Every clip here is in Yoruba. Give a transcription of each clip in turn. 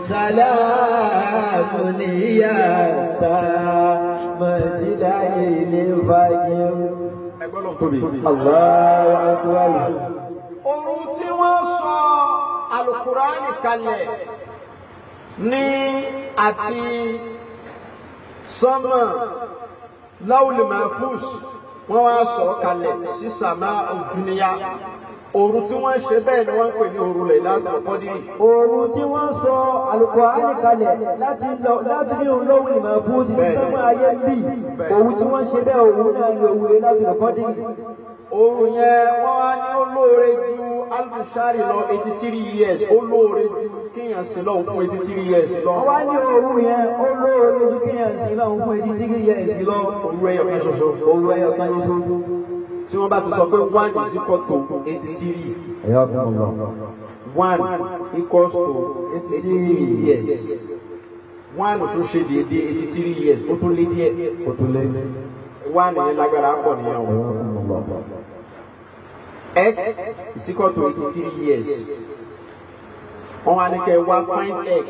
سلام يا مرجلا للفجر Allahu akbar. Òun tí wọ́n sọ Alukurani kalẹ̀ ní àti sọ́mọ̀ láwùlì Mahfuz wọ́n wá sọ kalẹ̀ sí sàmà òdúnìyà òru tí wọ́n ṣe bẹ́ẹ̀ ni wọ́n ń pè ní òru lẹ̀ láti ọ̀pọ̀dìrì. òru tí wọ́n sọ Al-Qur'ani kalẹ̀ láti lọ láti ní olówó ìmọ̀ fúzi sọ́mọ́ ayé ń bì òru tí wọ́n ṣe bẹ́ẹ̀ òru náà ní òru lẹ̀ láti ọ̀pọ̀dìrì. òru yẹn wọ́n á ní olóore ju alfushari lọ eighty three years olóore ju kéèyàn sí lọ fún eighty three years lọ. wọ́n á ní òru yẹn olóore ju kéèyàn sí lọ fún eighty three years lọ. òru ẹyọ kan ṣoṣo. òru ẹyọ kan ṣoṣo tí wọ́n bá ti sọ pé one is equal to eighty three. ẹ̀yọ́ ọ̀gbìn mọ̀ lọ. one equals to eighty three years. one tó ṣe déédéé eighty three years ó tún lé díẹ̀. ó tún lé. one yẹn lágbára pọ̀ nìyẹn o. x is equal to eighty three years. wọ́n wá ní kẹ́ wá find x.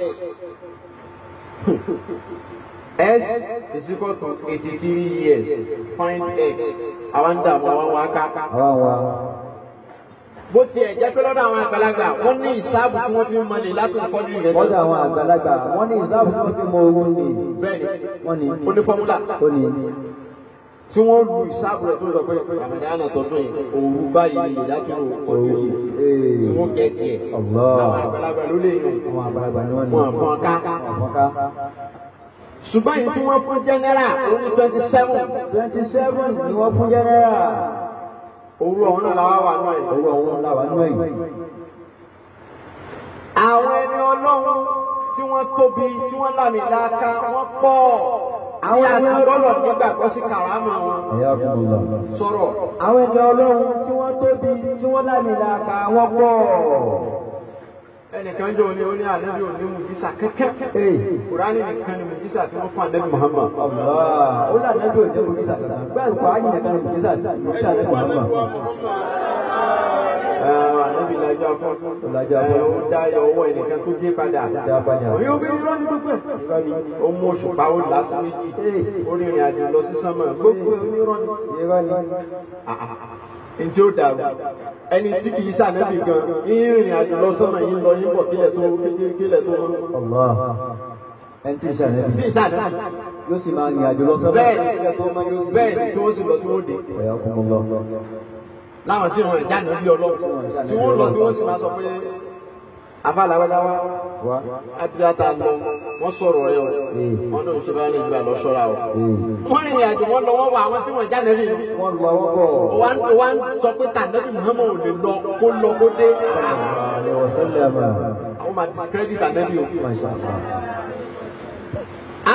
S is equal to eighty three years find X I want that wá ká. bó tiẹ̀ jẹ́ pé lọ́dọ̀ àwọn àgbàlagbà wọ́n ní ìsáàbù tí wọ́n fi mọ ní látò kọ́jú rẹ̀. lọ́dọ̀ àwọn àgbàlagbà wọ́n ní ìsáàbù tí wọ́n fi Money. owó ní. bẹ́ẹ̀ni formula? Money. onífọ́múlà. ó ní tí wọ́n lu ìsáàbù rẹ̀ tó lọ pé àmàdáyànà tọdún yìí òru báyìí lè ọdún yìí tí wọ́n kẹ́ tiẹ̀. àwọn àgbàlagbà ló lè yàn. àwọn àgbàlagbà ni wọ́n ní. wọn àfọ̀nká. àfọ̀nká ṣùgbọ́n yìí tí fún general òun twenty seven. twenty seven ni wọ́n fún general. owó ọ̀hún náà làwọn wà náà yìí. owó ọ̀hún náà làwọn náà yìí. àwọn ẹni ọlọ́run tí wọ́n tóbi tí wọ́n làmì dáadáa wọ́n pọ̀ àwọn ẹni ọlọ́run nígbàgbọ́ sí kàrámà wọn. sọ̀rọ̀. àwọn ẹni ọlọ́run tí wọ́n tóbi tí wọ́n làmì dáadáa wọ́n pọ̀ ẹnìkan jẹ́ òní oní ànábì òní mùjísà kẹ́kẹ́ kùránì nìkan ni mùjísà tí wọ́n fún ànábì Muhammad. ó lé ànábì òní mùjísà kankan bẹ́ẹ̀ kọ́ ayé nìkan ni mùjísà tí mùjísà tí Muhammad. ànábì lajà fún lajà fún ó dá yọ owó ẹnìkan tó dé padà. òye ó bí irọ́ ní gbogbo ẹ̀. ó mú oṣù pa ó lásán méjì ó rìnrìn àjò lọ sí sánmà gbogbo irọ́ ní ntí ó dàrú ẹni tí kì í sànẹ́bì gan ìrìn àjò lọ́sọ̀nà yìí lọ yín bọ̀ kílẹ̀ tó kílẹ̀ tó mọ́. ẹni tí sànẹ́bì yóò sì máa rìn àjò lọ́sọ̀nà kílẹ̀ tó mọ́ yóò sì bẹ́ẹ̀ tí wọ́n sì lọ tí wọ́n dé. ọ̀yà ọkùnrin lọ. láwọn tí wọn ìjà náà ọlọ́run tí wọ́n lọ tí wọ́n sì máa sọ pé afa lawalawa abira ta lọ wọn sọ̀rọ̀ yọ hmm. wọn n'o ṣe báyìí nígbà lọ sọra o. Hmm. wọn rìn ìrìnàjò wọn lọ wọn wọ àwọn tí wọn já nẹbi. wọn lọ wọn wa ń wa ń sọ pé ta nẹbi ò lè lọ kó lọ kó dé. àwọn máa discredit nẹbi o.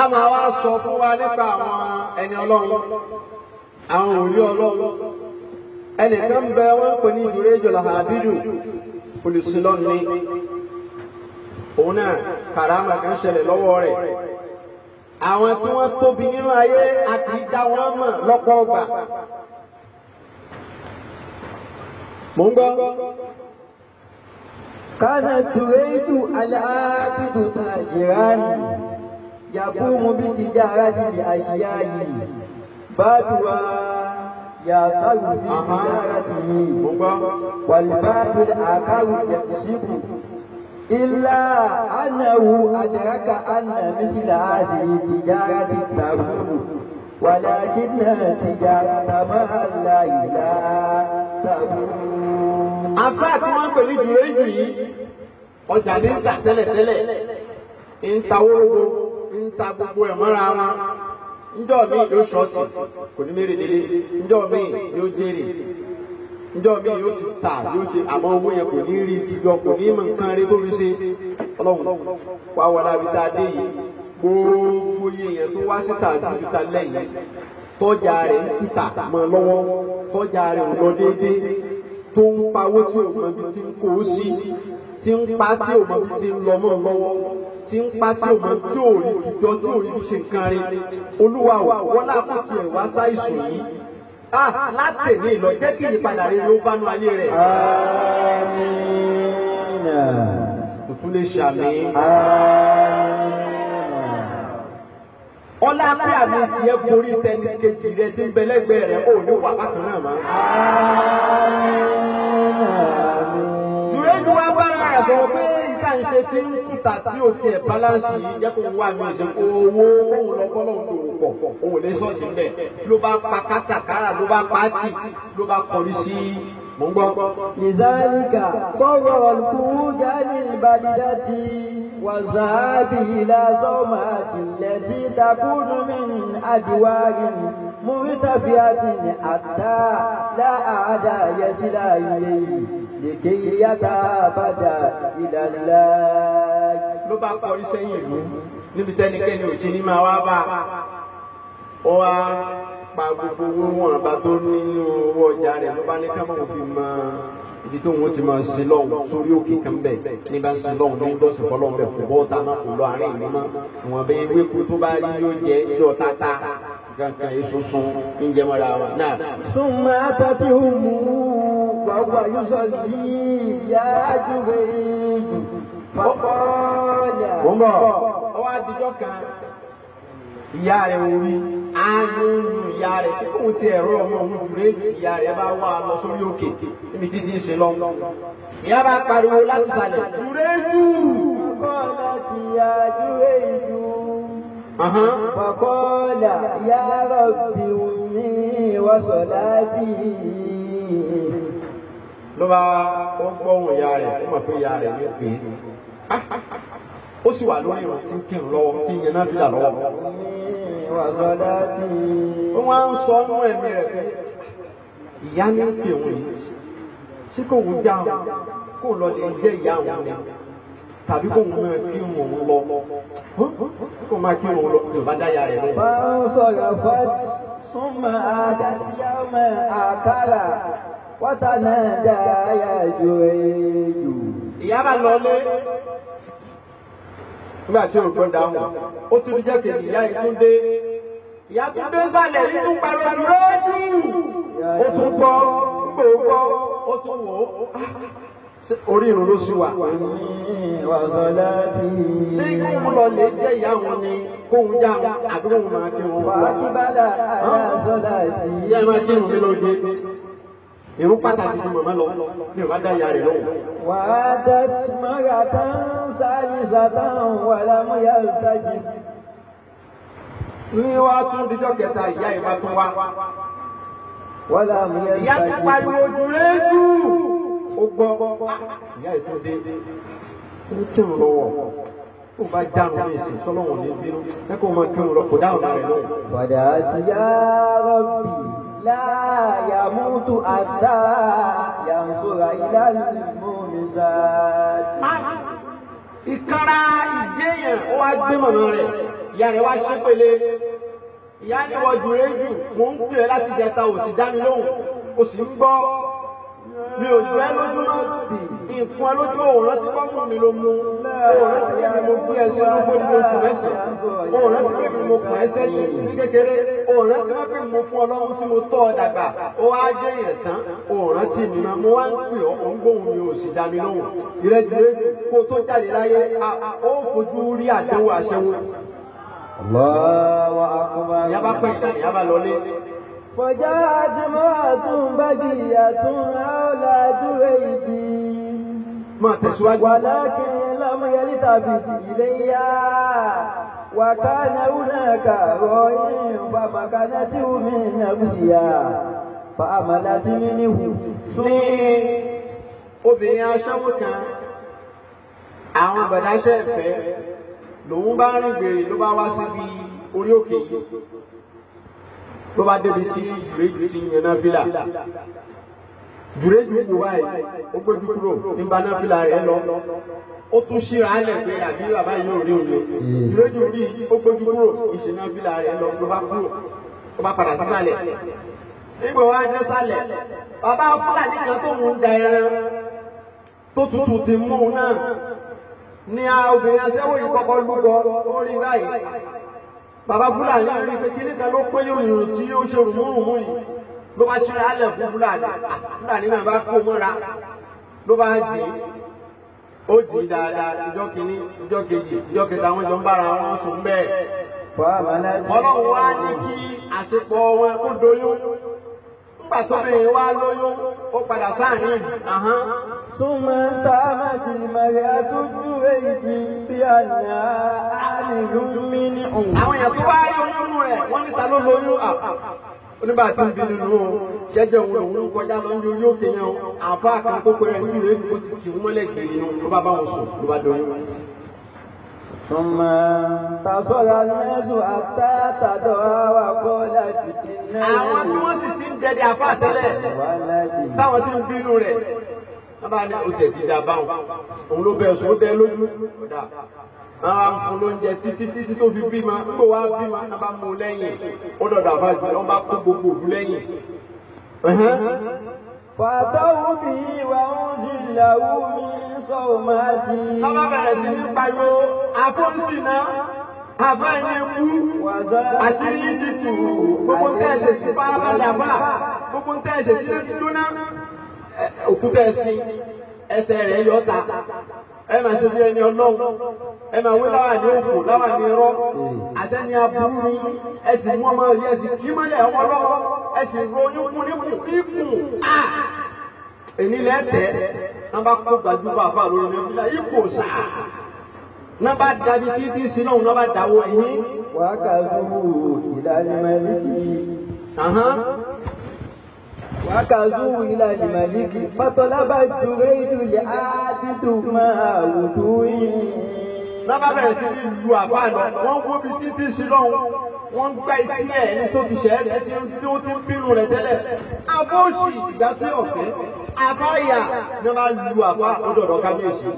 a máa wá sọ fún wa nípa àwọn ẹni ọlọ́run àwọn òní ọlọ́run ẹnìkan bẹ wọn pè ní ìdúró ìjọba àbídù olùsílọ́ọ̀ni òun náà kàràmà kan ṣẹlẹ̀ lọ́wọ́ rẹ̀ àwọn tí wọ́n tóbi nínú ayé a kì í dá wọn mọ̀ lọ́pọ̀ ọgbà mò ń gbọ́. kana turaitu al'abidu tajiran yaqumu bi tijarati bi ashiyayi baduwa yasalu fi tijarati wal babil akaru yakishibu إلا أنه أدرك أن مثل هذه التجارة تبور ولكنها تجارة مع الله لا تبور àfáà tí wọ́n ń pè ní jùlẹ́jù yìí ọjà ní ń tà tẹ́lẹ̀tẹ́lẹ̀ ń ta wórógbó ń ta gbogbo ẹ̀ mọ́ra njọ́ mi yóò ti tà yóò ti àmọ́ owó yẹn kò ní rí jíjọ kò ní mọ nǹkan rí tó fi ṣe ọlọ́run wá wọlé abita dé yìí gbogbo yẹn tó wá síta dúdúta lẹ́yìn tọ́jà rẹ̀ ń tà mọ́ lọ́wọ́ tọ́jà rẹ̀ ò lọ déédéé tó ń pawó tí ò mọ ibi kó o sí tí ń pa tí ò mọ ibi lọ mọ́ lọ́wọ́ tí ń pa tí ò mọ ò rí jíjọ tí ò rí ṣe nǹkan rí olúwa wọlé àkókò ẹ̀ wá sáìsùn yìí. Ah, láti ní ìlọ jẹ́ kí ìyípadà rẹ ló bá nu ayé rẹ̀. amina. òtún lè ṣàmì. ọlá pé àmì tiẹ̀ borí tẹni kejì rẹ ti ń bẹ lẹ́gbẹ̀ẹ́ rẹ̀ ó ní wà bákan náà mọ́. amina. ìrẹ́jú wa bára ẹ̀ sọ pé ìta ìṣe ti ń kú títà tí o tiẹ̀ balansi yẹ kó wá mi ṣe kó owó òun lọ bọ́lọ̀ ń dòwò pọ̀ òun lè sọ́ọ̀tì ń bẹ̀ ló bá pa kátàkárà ló bá pa á tì ló bá kọrí sí mò ń gbọ́. ìzáríkà kọ́rọ̀ ọ̀lùkúrú jáde ìbàdídá ti wàzáàbì ìlà sọ́ọ̀mà àtìlẹ́tì takùnú mi àdìwárí mi. مرتفعة حتى لا أعدى يصل إليه لكي يتعبد إلى الله. ló bá kọrí sẹ́yìn ìlú níbi tẹ́nikẹ́ni ò ti ní máa wá bá ó wá pa gbogbo owó wọn àbá tó nínú owó ọjà rẹ̀ ló bá ní ká máa fi mọ ibi tó wọn ti máa sin lọ́hùn sórí òkè kan bẹ̀ ní bá ń sin lọ́hùn ní lọ́sìn fọlọ́hùn bẹ̀ kò bọ́ ọ̀tá náà kò lọ àárín ìlú mọ́ ìwọ̀n bẹ́ẹ̀ ewéko tó bá rí yóò jẹ́ yóò tata. Suma yìí sunsun ń jẹ mọ́ra wọn náà. súnmọ́ àtàtì òmù wàhùwà yóò yare. yìí yá yare pàpọ́ọ̀lá. wọ́n bọ̀ ọ wá dijọ́ kan ìyá rẹ̀ wò mí àánú ìyá rẹ̀ kókò tí ẹ̀rọ ọmọ òun kúrẹ́ ìyá rẹ̀ bá wà lọ sórí فقال يا رب أمي وصلاتي ló bá ó gbóhùn ìyá rẹ̀ ó mọ̀ pé ó sì wà lórí ìwà tí ń kírun lọ́wọ́ tí ń yẹn náà fìlà lọ́wọ́. wọ́n á ń sọ ọmọ ẹ̀mí rẹ̀ pé ìyá ní ń pè wọ́n yìí ṣé kò wù dáhùn kó lọ lè jẹ́ ìyá àwọn ọmọ tàbí kò mú kí òun lọ kò máa kí òun lọ yorùbá dáyà rẹ lọ. báwo sọ̀rọ̀ fat súnmọ́ adájọ́ àkàrà wọ́tà náà dáyà jù èèyàn. ìyá bá lọ lé nígbà tí òògùn dáhùn ó tún jẹ́ kejì ìyá ìtúndé ìyá tún sálẹ̀ nínú pẹ̀lú rẹ́ẹ̀dù ó tún gbọ́ gbòógbọ́ ó tún wò ó orí irun ló sì wà. ṣé kóun lọ lè jẹ́ ìyá wọn ni kóun já àbí òun máa kí wọn. wà á kí bàdà aláṣọlá sí. ìyá ẹ máa kí irun mi lóde irun pàtàkì ni màmá lọ ní ìwà dá ìyá rẹ lọ́wọ́. wà á dẹ́tí mọ́ra tán sáàlì sàtàn wà lámúyà sáàjì. ní wàá tún díjọ́ kẹta ìyá ìbátan wa. wà lámúyà sáàjì. ìyá ti pariwo jù lẹ́jù ó gbọ́ ìyá ìtúndé ó tún lọ́wọ́ ó bá dáhùn ní ìsìn tọ́lọ́wọ̀n ní bínú ẹ kó mọ kí lọ kó dáhùn rẹ̀ lọ. wàdà sí yá rọ́bì láàyà mútu àdá yànsóra ìlànà ìmúnisà. Ah! ìkara ìjẹyàn ó wá gbé mọ̀nà rẹ̀ ìyá rẹ̀ wá ṣépele ìyá ni wọ́n jù rẹ́ jù mò ń pè é láti jẹta òsì dá mi lóhùn ó sì ń gbọ́ mi ò jẹ́ lójúmọ́ nǹkan lójú òun rántí kọ́kù mi ló mú òun rántí kébì mo gbé ẹsẹ̀ lóko ní oṣù mẹ́sàn-án òun rántí kébì mo kàn ẹsẹ̀ ní kékeré òun rántí wọ́n pè mo fún ọlọ́run tí mo tọ́ ọ dàgbà ó wá jẹ́ yẹn tán òun rántí mi mọ́ mo wá ń pè ọ́ òun gbóhùn mi ò sì dá mi lóhùn ìrẹ́jú kó tó jáde láyé ó fojú rí àdánwò àṣẹwó. Yaba pẹ́ yaba lọlé. فجاءت امرأة بقية أولاد أيدي ولكن لم يلتفت إليها وكان هناك روح فمكنته من نفسها فأملت منه سنين obìnrin aṣẹ́wó kan àwọn bàdáṣẹ́ ìfẹ́ lòun bá rìn gbèrè ló bá wá síbi orí òkè yìí tó bá débi tí ìgbé ti yẹn náà fílà dùrẹ́jù kù báyìí ó gbójú kúrò nígbà náà fílà rẹ lọ ó tún ṣíra alẹ̀ pé àbí bàbá yìí ò rí òde dùrẹ́jù rí ó gbójú kúrò ìṣẹ̀nà fílà rẹ lọ ló bá kúrò ó bá padà sísàlẹ̀ nígbà wá dé sálẹ̀ bàbá fúlàní kan tó ń da ẹran tó tutù ti mú un náà ni obìnrin aṣẹ́wó yìí kọ́kọ́ lúgọ ó báyìí bàbá fúlàní rí pé kí nìkan ló pé yòòyò tí ó ṣe rùmúrùmú yìí ló bá ṣe alẹ̀ fún fúlàní ah, fúlàní náà bá kó mọ́ra ló bá dé ó dì í dáadáa ìjọ kìíní ìjọ kejì ìjọ kẹta àwọn ìjọ ń bára wọn sùn bẹ́ẹ̀. ọlọ́run wá ní kí àṣepọ̀ wọn kó doyún nígbà tó bẹ̀rẹ̀ wá lóyún ó padà sáàrin súnmọ́ tá a máa ti mọ̀rẹ́ àtúntò èyí bí àná àlìlú ní òun. àwọn èèyàn tó bá lóyún rẹ̀ wọ́n níta ló lóyún onígbà tí ń bí nínú jẹjẹ òun lòun kọjá lọ ní orí òkè yẹn àfa kan kókó rẹ nínú èkó ti kì í mọ́lẹ̀ gbèrè ló bá bá wọn sùn ló bá dọyún. ثم تصل الناس حتى تدعى وقالت إنني àwọn tí wọ́n sì ti ń dẹ̀dẹ̀ àpá àtẹ́lẹ̀ táwọn tí ń bínú rẹ̀ wọ́n bá ní oṣù tí da báwọn òun ló bẹ ọ̀sùn ó dẹ lójú ọ̀dà wọ́n á ń fún lóúnjẹ títí títí tó fi bímọ nígbà wàá bímọ wọ́n bá mú lẹ́yìn ó dọ̀dọ̀ àbájú wọ́n bá kó gbogbo òbú lẹ́yìn fàtàwù bí wà ń jìyà wù mí sọ̀mà tì. Lọ́wọ́ bẹ̀rẹ̀ sí ní pariwo àfọ́nsì náà. Àbá ẹni kú àti yíyí tù gbogbo ń tẹ̀sí ẹsẹ̀ rẹ̀ yọ̀ta ẹ máa ṣe bí ẹni ọlọ́run ẹ máa wí láwà ní òfò láwà ní irọ́ àṣẹni aburú ni ẹ sì mú ọmọ rí ẹ sì kí mọ́lẹ̀ ọmọ lọ́wọ́ ẹ sì ronyún kún ní ikùn a èmi lẹ́ tẹ́ nàbà kó gbajúgbà fà lórí ní ìfúnlẹ̀ ikù sà nàbà dàbí títí sí náà nàbà dàwọ̀ yín. wàá kà fún ìlànà ẹ̀rí kì وكزوين الملك فطلب الجريد لعابد ما ودوي lọ́ba bẹ̀rẹ̀ sí ní lu àbá lọ wọ́n ń gbóbi títí sí lọ́hùn wọ́n ń gba etí ẹ̀ ẹni tó ti ṣẹ̀ ẹ́ tí ó ti ń bínú rẹ̀ tẹ́lẹ̀ abóòsì ìgbà tí ọ̀fẹ́ àbáyà ni wọ́n máa lu àbá ọdọọdọ kábíyèsí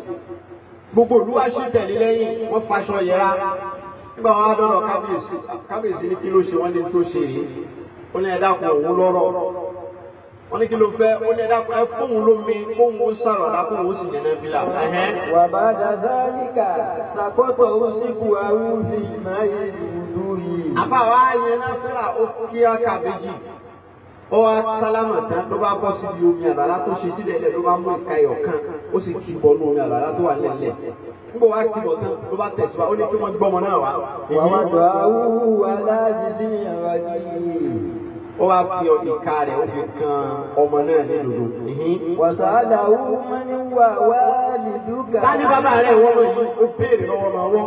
gbogbo olú wa ṣì tẹ̀lé lẹ́yìn wọ́n faṣọ yẹra nígbà wọn adọ́rọ̀ kábíyèsí kábíyèsí ní kí ló ṣe wọ́n lé tó ṣe yìí ó ní ẹ̀dá kan òun lọ́rọ̀ wọ́n ní kí ló fẹ́ ó ní ẹ fóun lómi kóun ó sàrọ̀ ọ̀dà kóun ó sì dènà fìlà. wà bá dàda níkà sàkótò òsìkú àwùjọ ìmọ̀ yìí ìlú yìí. àbá wa yẹn náà fẹ́ra ó kí á kàbéjì ó wá sálámà tán ló bá bọ́ síbi omi àlàlá tó ṣe sílẹ̀ lẹ̀ ló bá mú ìka ẹ̀yọ̀ kan ó sì kì í bọ́ nú omi àlàlá tó wà lẹ́lẹ̀ níbo wá kí bọ̀ tán ló bá tẹ̀síwá ó ní kí wọ́n gbọ́mọ ó wá fi ìka rẹ̀ ó fi kan ọmọ náà nílùú. wàsálà ó mọ ní wà wá nìdúgà. tani bàbá rẹ̀ wọ́n mọ̀ yìí ó béèrè lọ́wọ́ máa wọ́.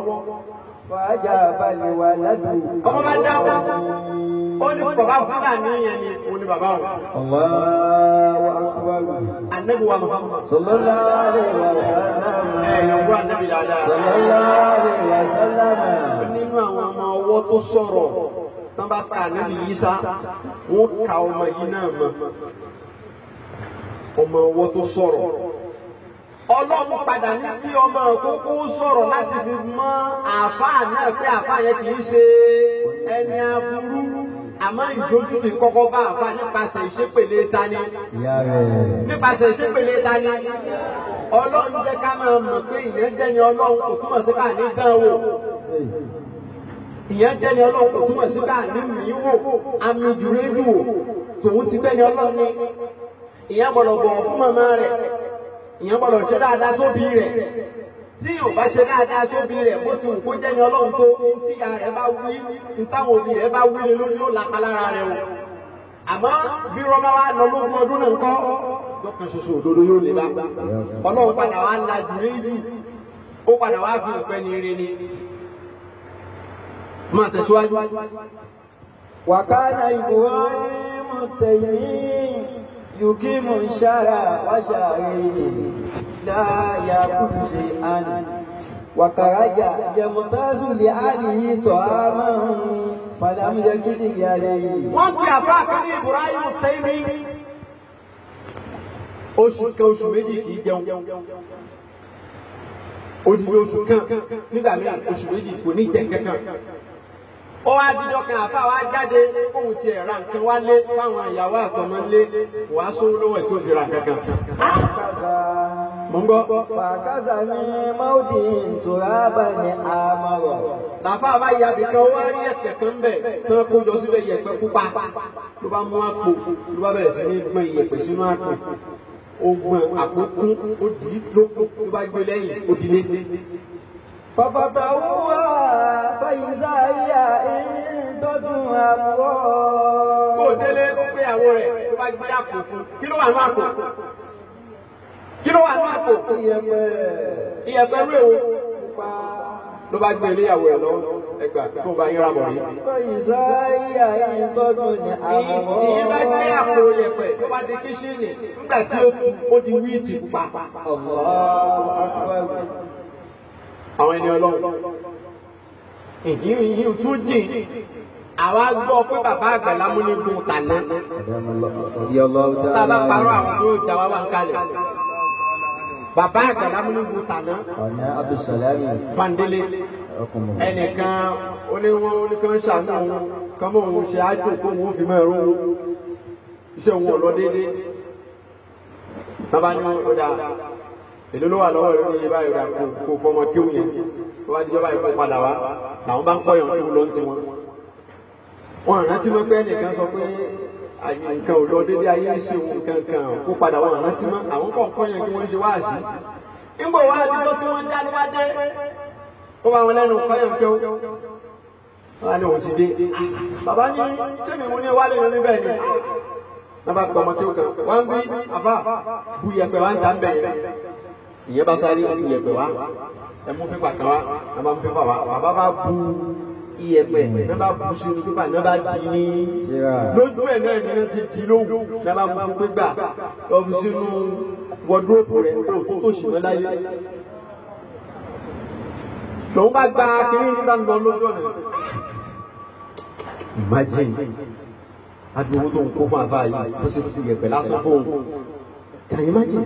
fàájà balẹ̀ wà ládùn. ọmọ bá dá wọn ó ní bàbá fúnra mi yẹn ni ó ní bàbá wọn. Allahu akbar. anabi wa Muhammad. sallallahu alaihi wa sallam. ẹ̀yàn fún anabi dáadáa. sallallahu alaihi wa sallam. nínú àwọn ọmọ ọwọ́ tó sọ̀rọ̀ tán bá pa ànábì Ìsá wọn ka ọmọ yìí náà mọ ọmọ wọn tó sọ̀rọ̀ ọlọ́run padà ní kí ọmọ kókó sọ̀rọ̀ láti fi mọ àáfàá náà pé àáfàá yẹn kì í ṣe ẹni aburú àmọ́ ìdójú ti kọ́kọ́ bá àáfàá nípasẹ̀ ìṣépèlé tani nípasẹ̀ ìṣépèlé tani ọlọ́run jẹ́ ká máa mọ̀ pé ìyẹn jẹ́ ni ọlọ́run kò túmọ̀ sí ká dán wò ìyẹn jẹ́ni ọlọ́run kò túmọ̀ sí báà ní mí wò àmì jùrẹ́jù wò tòun ti bẹ́ni ọlọ́run ni ìyẹn gbọ́dọ̀ bọ̀wọ̀ fún màmá rẹ̀ ìyẹn gbọ́dọ̀ ṣe dáadáa sóbì rẹ̀ tí yóò bá ṣe dáadáa sóbì rẹ̀ bó ti wù kó jẹ́ni ọlọ́run tó tí ìyá rẹ̀ bá wí ntáwọn òbí rẹ̀ bá wí lé lórí yóò lápá lára rẹ̀ o àmọ́ bí rọ́bà wa lọ lógún ọdún náà ńkọ́ lọ́kàn ṣoṣo òdodo yóò lè bá ọlọ́run padà wá la jùlẹ́ ó padà wá fi ìpẹ́ni máa tẹ̀síwájú. wàkánà ìgbòho ìmọ̀ tẹ̀yìn yòókì mọ̀ ń ṣára wáṣà rèé láàyà kùtù ṣe àná wàkàràjà jẹmọtàzù lè àlìyí tọ́ a máa fàdámù yẹ kí ni ìyá rẹ yìí. wọ́n pe àfa àkànní Ibrahim tẹ́lẹ̀ oṣù kan oṣù méjì kì í jẹun odidi oṣù kan nígbà míràn oṣù méjì kò ní jẹ kankan ó wá dídọ́ kan àfa wá jáde kóhun ti ẹ̀ nǹkan wá lé fáwọn ìyàwó àtọ̀mọ́ lé wà á sówó lọ́wọ́ tí ó kankan. mo fàkàzà ni maudi nturaba ni amaro. làfa bá ya bìkan wá rí ẹ̀kẹ́ kan bẹ̀ tí wọ́n kó jọ síbẹ̀ yẹ̀pẹ̀ pupa ló bá mú àpò ló bá bẹ̀rẹ̀ sí ní gbọ̀n yẹ̀pẹ̀ sínú àpò ogun àpò kún ó dì í ló bá gbé lẹ́yìn ó dì í lé. ففطروها فإذا هي إنضة أبرار. kó o délé pé àwọn rẹ̀ tó bá gbé àpò fún kí ló wà ní àpò kí ló wà ní àpò. iyẹ̀pẹ̀ iyẹ̀pẹ̀ wé o ló bá gbé iléyàwó ẹ lọ ẹgbà tó bá yíra mọ yìí. ìsọ ìyá yìí tọ́jú ni àwọn. ìyí bá gbé àpò yẹ̀pẹ̀ tó bá di kíṣìnì nígbà tí ó di wíìtì pupa. ọ̀pọ̀ àpò ẹgbẹ́ àwọn ẹni ọlọ́run ìdí yìí tún jìn àwa gbọ́ pé bàbá àgbàlá mú ní gun tàná tá a bá parọ́ àwọn tó jà wá wà ń kalẹ̀ bàbá àgbàlá mú ní gun tàná Bandele ẹnìkan oníwọ́n oníkan ṣàánú òun òun ṣe ájò tó òun fi mọ́ ẹ̀rọ iṣẹ́ òun ọ̀lọ́ déédéé bàbá ní ọjà èló ló wà lọ́wọ́ ìlú yìí báyìí rà kó kó fọmọ kéwù yẹn tó bá dijọba yìí kó padà wá làwọn bá ń kọ́ yàn kéwù ló ń tiwọn. wọn rántí mọ́ pé ẹnìkan sọ pé nǹkan ò lọ déédéé ayé ń ṣe òun kankan kó padà wọn rántí mọ́ àwọn kọ̀ kọ́ yẹn kí wọ́n ṣe wáàsí. nígbà wàá dúró tí wọ́n dá ló bá dé ó bá wọn lẹ́nu kọ́ yàn kéwù wọn á ní òun ti dé. bàbá ní sẹ́mi mo ní wálé lọ níbẹ̀ ni. nàbà pọ̀ ọmọ kàn wọ́n bí àbá bu yẹpẹ̀ wá ń ta ìyẹn bá sáré ìyẹ̀pẹ̀ wá ẹ mú pépà kan wá ẹ bá mú pépà wá bàbá bá bu ìyẹ̀pẹ̀ ẹ bá bu sínú pépà ẹ bá di ní lójú ẹ̀ náà ni wọ́n ti di lóhùn ẹ bá mú pépà lọ fi sínú wọdúrópù rẹ̀ kó tó sì mọ́ láyé lòun bá gba kiri nígbà lọ lójú ọ̀nà imagine adúgbò tó ń kó fún àbá yìí ó sì fi ìyẹ̀pẹ̀ lásán fún un can you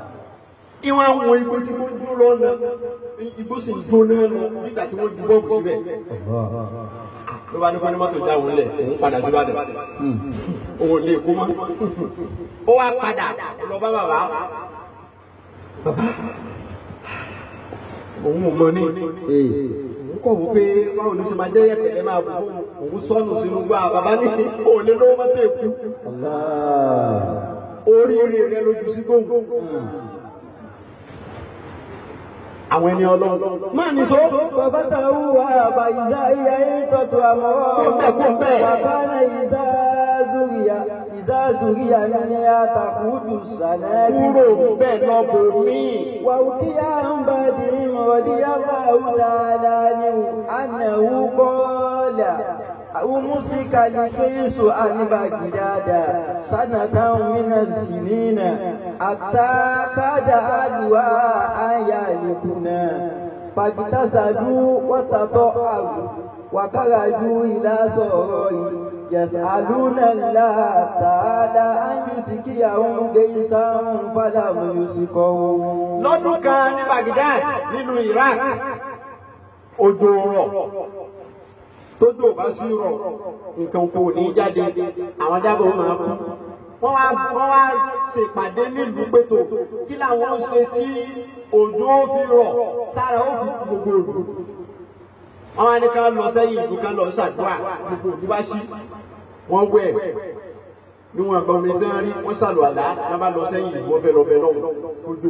ìwọ̀n àwọn igbó tí wọ́n dúró lọ́nà igbó sì ń dúró lọ́nà nígbà tí wọ́n ju bọ́ọ̀bù síbẹ̀. ló bá ní kó ní mọ́tò já lẹ̀ òun padà sí òun lè kó mọ́. ó wá padà lọ bá bàbá òun ò mọ ní òun kọ̀ wọ́n pé báwo ló ṣe máa jẹ́ yẹ̀kẹ̀lẹ́ máa bù òun sọnù sínú gbà ah, bàbá ní òun lè lọ́wọ́ mọ́tò èkú oríire rẹ lójú sí gbòǹgbò àwọn ẹni ọlọ́run. má ní so. bàbá ta wúra àbá ìdá ìyá yín tọ́tù àmọ́. bẹ́ẹ̀ kó bẹ́ẹ̀. bàbá náà ìdá zuriya ìdá zuriya ní àtàkùdù sàlẹ̀. kúrò bẹ́ẹ̀ lọ bò mí. wà á kí á ń bá di mọ̀ọ́dí yàrá àwùdáadá ni ànáwó kọ́ọ̀là. ومسك لكيس أنبا جدادا سنة من السنين àtàkàdà àlùwà àyà ìlẹ̀kùnà pàjùtàṣàdú wọ́tàtọ̀ àrùn wàkàràjú ìlàsọ̀rọ̀ yìí yẹ̀sàlúnà látàádá áyùsìkí àwọn oúnjẹ ìsáhùn fádà mọ̀yùsìkọ̀ ohun. lọ́dún kan ní Baghdad nínú Iraq òjò rọ̀ tójú ò bá sí rọ̀ nǹkan kò ní jáde àwọn jábọ̀ máa kú wọ́n wá wọ́n wá ṣèpàdé nílùú pétò kí làwọn ń ṣe tí òjò ó fi rọ̀ tára ó fi gbogbo òdò. wọ́n wá ní ká lọ sẹ́yìn ìlú ká lọ ṣàdúrà gbogbo òdò wá sí wọ́n wẹ̀ ní wọn àgbà omi dán rí wọ́n sàlù àlá wọ́n bá lọ sẹ́yìn ìlú ọbẹ̀ lọ́bẹ̀ lọ́wọ́ fojú.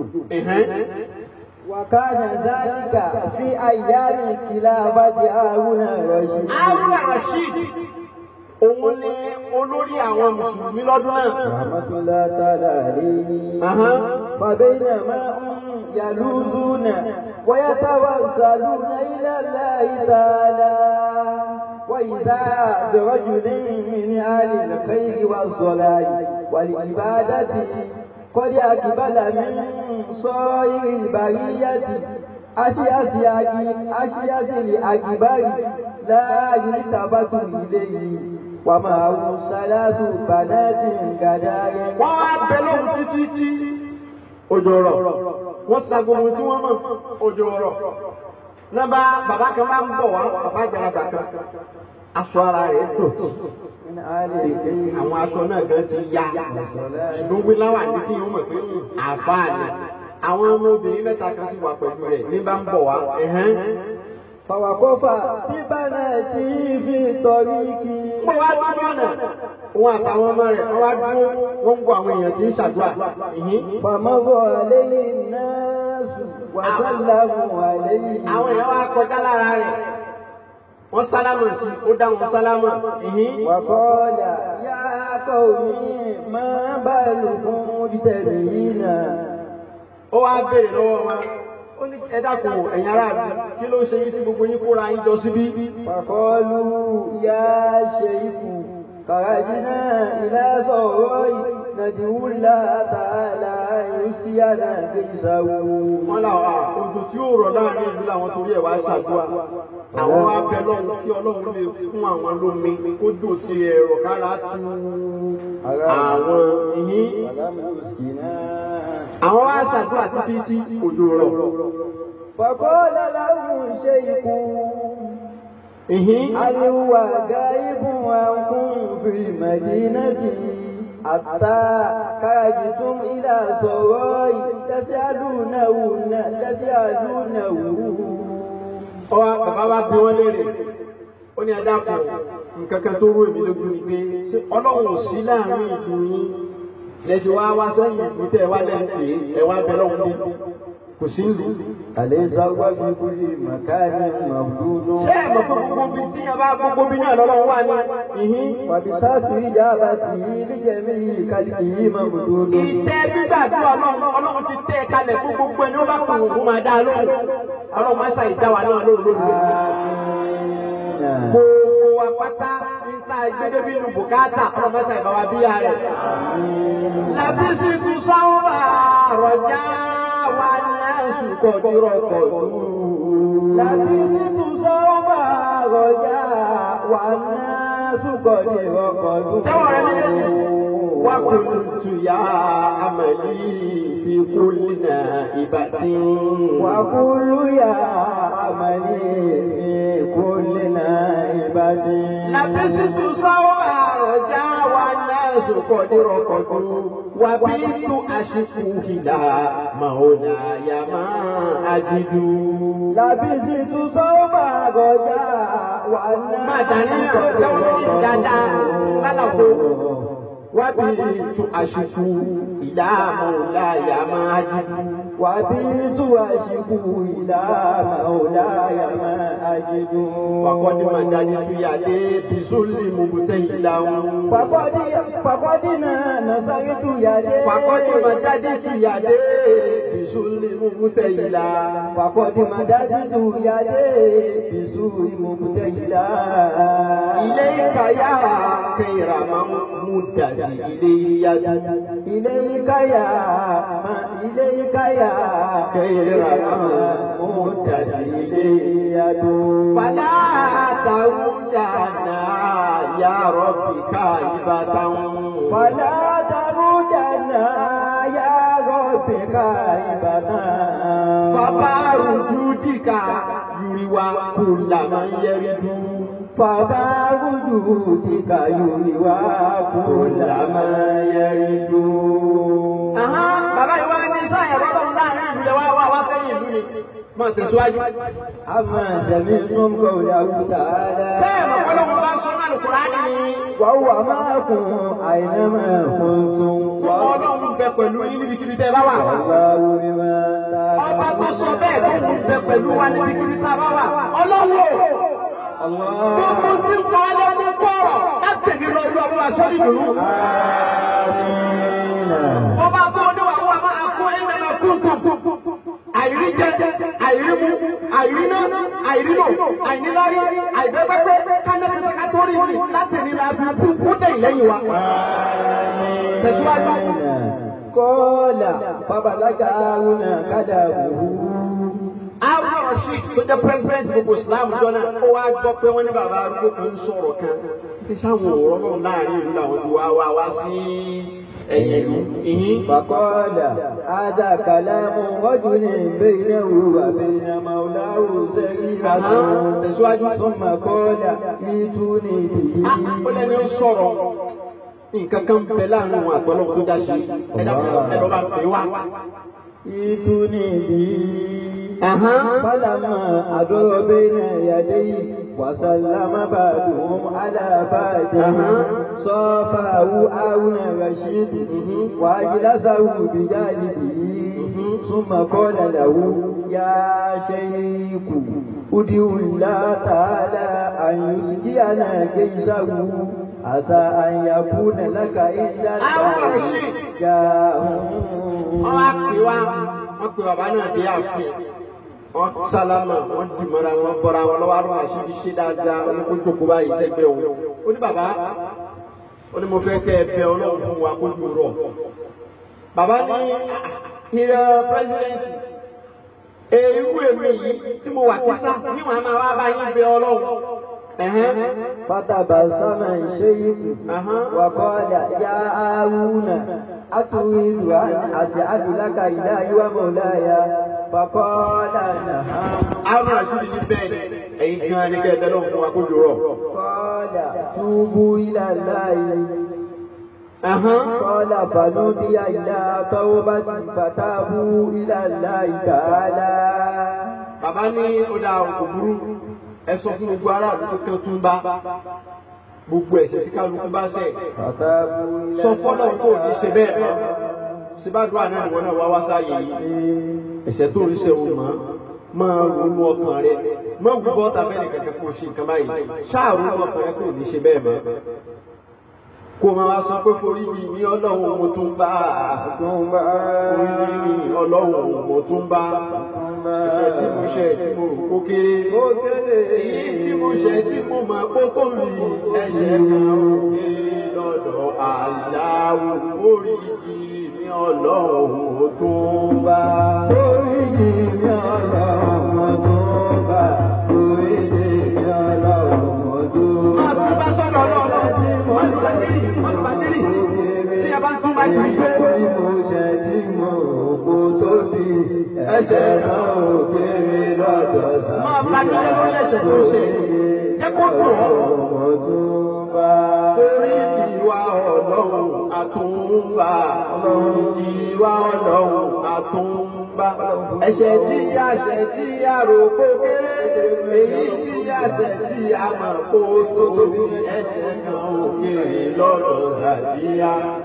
Wàkàdà Zálíkà fi àyà mi kìlá àbájá Arúnà Rashid. Arúnà Rashid òun ni olórí àwọn mùsùlùmí lọ́dún náà. rahmatulá tààlà rí i. fàbẹ́yìnà máa ń yàlúùzù náà wọ́yá táwa ṣàlù náà ilé aláì tààlà. وإذا برجل من آل الخير والصلاة والعبادة قد أقبل من صائر البرية أشياء أشياء الأكبر لا يلتفت إليه wà máa wù sálásù bàdáàtì gàdá yẹn. wọ́n á bẹ lóhùn títí tí òjò rọ̀ wọ́n sa gbogbo tí wọ́n mọ̀ òjò rọ̀ náà bàbá kan bá ń bọ̀ wá bàbá àgbàlagbà kan aṣọ ara rẹ̀ tó àwọn aṣọ náà gan ti ya ṣùgbọ́n wí láwà ní tí yóò mọ̀ pé àbá ni àwọn ọmọ mẹ́ta kan sì wà pẹ̀lú rẹ̀ ní bá ń bọ̀ wá fàwàkọ́fà bíbánà tí fi tọrí kí. mo wá dúró ọ̀nà wọn àtàwọn ọmọ rẹ̀ wọ́n wá dúró wọ́n ń bọ àwọn èèyàn tí ń ṣàdúrà. fàmọ́fọ́ àléyìn náàsì wàsálàmù àléyìn. àwọn èèyàn wá kọjá lára rẹ̀ wọ́n sálámù sí ó dá wọn sálámù. wàkọ́ọ̀dà yá akọ mi máa bá lùkún tẹ̀lé yìí náà. ó wá béèrè lọ́wọ́ wa ó ní ẹ dákun ẹ̀yin aráàlú kí ló ń ṣe yín tí gbogbo yín kóra yín jọ síbí. pàkọ́lù yá ṣe ikú. خرجنا إلى صوري ندعو الله تعالى يسقينا كيسه. wọ́n láwọn òjò tí yóò rọ̀ láàrin ìlú àwọn abẹ lọ́hùn kí ọlọ́run lè fún àwọn lómi kó dùn ti ẹ̀rọ kára tu àwọn yìí. àwọn wá ṣàdúrà títí tí òjò rọ̀. فقال لهم شيخ Mm-hmm. aliwa gaibun wa kun fi madinati hatta karajitum ila soroi tasiadunahu tasiadunahu. ọwọ́ bàbá wa bí wọ́n léèrè ó ní adáko nǹkan kan tó rú èmi lójú ni pé ṣé ọlọ́run ò sí láàrin ìlú yín lẹ́sìn wá wá sẹ́yìn ìlú tẹ̀ wá pé ẹ̀ wá bẹ lọ́wọ́ bí kò sí ìlú. Àlẹ́sà wá fi kúrì màkàní màbúdú. Ṣé ẹ gbogbo bíi tí a bá gbogbo bíi náà lọ́wọ́ wà ní ìhín? Wàbí sáàtù ìyá bá ti yí níjẹ̀mí ìkàlìkì yìí máa Ìtẹ́ gbígbàdúrà ọlọ́run ti tẹ́ kalẹ̀ fún gbogbo ẹni ó bá kọ̀ òun máa dá lóhùn. Ọlọ́run máa ṣàì dá wa náà lóhùn lóhùn. Gbogbo wa pátá ń ìgbẹ́dẹ́ bí lu bùkátà ọlọ́run máa ṣàì bá wa bí wà náṣù kọjúrọ̀ pọ̀jù. Láti sínú sọ́ọ́bà rọjá wà náṣù kọjúrọ̀ pọ̀jù. Wa kuntu ya amali fi kulli na'ibatin. Wa kullu ya amali fi kulli na'ibatin. Labisitu sawba ja wa nasu kodirokodu. وبيت أشكوهلا مولاي ما أجد لبست صوب غدا وأنا مدني كنت دادا وبيت أشكو إلى مولاي ما أجد وبيت أشكو إلى مولاي ما أجد وقد مددت يدي بسل مبتهلا فقد فقد نصرت يدي فقد مددت يدي bisuri mubutayila fakọdi madadidu yade bisuri mubutayila. ilé ìkayà kéèrà máa ń mú dàdí ilé yíyá. ilé ìkayà ilé ìkayà kéèrà máa ń mú dàdí ilé yíyá. fàlà àtàwùsà náà yà rọ̀ bìkà ìbátan. fàlà àtàwùsà rabbika ibatan. Fàbáàrù júdìkà yùrìwà kò làmà yẹrí dú. Fàbáàrù júdìkà yùrìwà kò làmà yẹrí dú. Bàbá yìí wá ní sáyẹn bọ́tọ̀ ń dáhùn ìlú rẹ̀ wá wá wá sẹ́yìn ìlú ni mọ tẹ̀síwájú. a máa sẹ̀mí tún kọ̀ ìyàwó tààlà. bẹ́ẹ̀ mọ̀ ọlọ́run bá sọ náà lùkùrá ni. wàhùwà máa kún àìná máa kún tún. ọlọ́run bẹ pẹ̀lú yín níbikíbi tẹ́ bá wà. ọba tó sọ bẹ́ẹ̀ lóhùn bẹ pẹ̀lú wa níbikíbi tá a bá wà. ọlọ́run gbogbo tí ń pa lẹ́nu kọ̀ọ̀rọ̀ láti ní lọ yọ ọba sọ́ni dùnú. ọba tó ní wàhùwà máa kún ẹ̀ àìríjẹ àìrímu àìríná àìrínà àìníláyé àìbẹ́pẹ́pẹ́ kánákátá kátórí ní láti ní láti kú kú dẹ̀ ìlẹ́yìn wa. tẹ̀síwájú. kọ́ọ̀là babalága arúnà kádà wò ó. Haruna Rasheed tó jẹ́ president gbogbo Islam jọ́nà ó wá gbọ́ pé wọ́n ní bàbá arúgbó kan ń sọ̀rọ̀ kan kí sáwọn òwúrọ̀ náà láàrin ìlú àwọn ju wá wá wá sí ẹ̀yìn ìlú. Bàkọ́ọ̀dà Ádá Kàlámù Rọ́jùlì Bẹ́ẹ̀nà Òwúrọ̀ Bẹ́ẹ̀nà Màúláwù Sẹ́yìn Bàtà Tẹ̀síwájú Sọ́mà Kọ́ọ̀dà Ìtú ni ìdí. Ó lẹ́ni ó sọ̀rọ̀ nǹkan kan bẹ láàrin òun àtọ́lọ́wọ́ Itu itunibi falama adoro bena yadayi wasalama baduhum ala badin sofahu auna rashidu mhm. wajilasahu bijalibi suma mhm. kola lahu ya sheiku udiu la taala an yusjiyana geisahu asa an yakuna laka illa al-barid ja'ahum. wọ́n wá pè wá wọ́n pè bàbá náà dé ààfin wọ́n sálámà wọ́n dì mọ́ra wọn bọ́ra wọn lọ́wọ́ àrùn àṣírí ṣe dáadáa oníkó jókòó báyìí sẹ́gbẹ́ òun. ó ní bàbá ó ní mo fẹ́ kẹ́ ẹ bẹ ọlọ́run fún wa kójú rọ̀. bàbá ní ah, ìrẹ́ pírẹ́sidẹ́ntì èyí èmi yìí tí mo wà kíṣà níwọ̀n máa wá bá yín bẹ ọlọ́run. Fatabasama ṣe yìí wà kọ́ ọ̀dà yá áwùnà. أتريد أن أسعد لك إلهي ومولاي فقال نعم أما شيء ẹ̀yin gan ni kẹ́ ẹ tẹ́lọ̀ fún wa kó jòrọ̀. kọ́lá túbú ilà láì. kọ́lá fanúdí àyà tọ́wọ́ bá ti fàtàbù ilà láì tààlà. bàbá ní ọ̀dà kò burú gbogbo ẹ̀ṣẹ̀ tí kálukú bá ṣẹ̀ sọ fọlọ kó o ní ṣe bẹ́ẹ̀ síbádùá náà ìwọ náà wá wá sáyé yìí ẹ̀ṣẹ̀ tó ń ṣe o mọ máa ronú ọkàn rẹ máa wú bọ́ta bẹ́ẹ̀ ni kẹ̀kẹ́ kó o ṣe nǹkan báyìí ṣáà ronú ọkàn rẹ kó o ní ṣe bẹ́ẹ̀ mọ́ kó máa wá sọ pé forí mi ní ọlọ́run mo tún bá forí mi ní ọlọ́run mo tún bá ẹ̀ṣẹ̀ tí mo ṣẹ̀ tí mo rò kó kéré èyí tí mo ṣẹ̀ tí mo mọ̀ kó tó mi ẹ̀ṣẹ̀ kan ò kéré lọ́dọ̀ àyàwó forí mi ní ọlọ́run mo tún bá forí mi ní ọlọ́run mo tún bá. ẹ̀ṣẹ̀ tí mo ṣẹ̀ tí mo kò tóbi ẹ̀ṣẹ̀ náà ò kéré lọ́dọ̀ sàmúlò. máa bá kí lẹ́nu lẹ́sẹ̀ tó ṣe jẹ́ kó dùn ọ́. mo tún bá. sórí ìwà ọlọ́run àtúnbà òjì ìwà tí a rò kó kéré èyí tí a ṣẹ̀ tí a mọ̀ kó tóbi ẹ̀ṣẹ̀ náà ò kéré lọ́dọ̀ sàmúlò.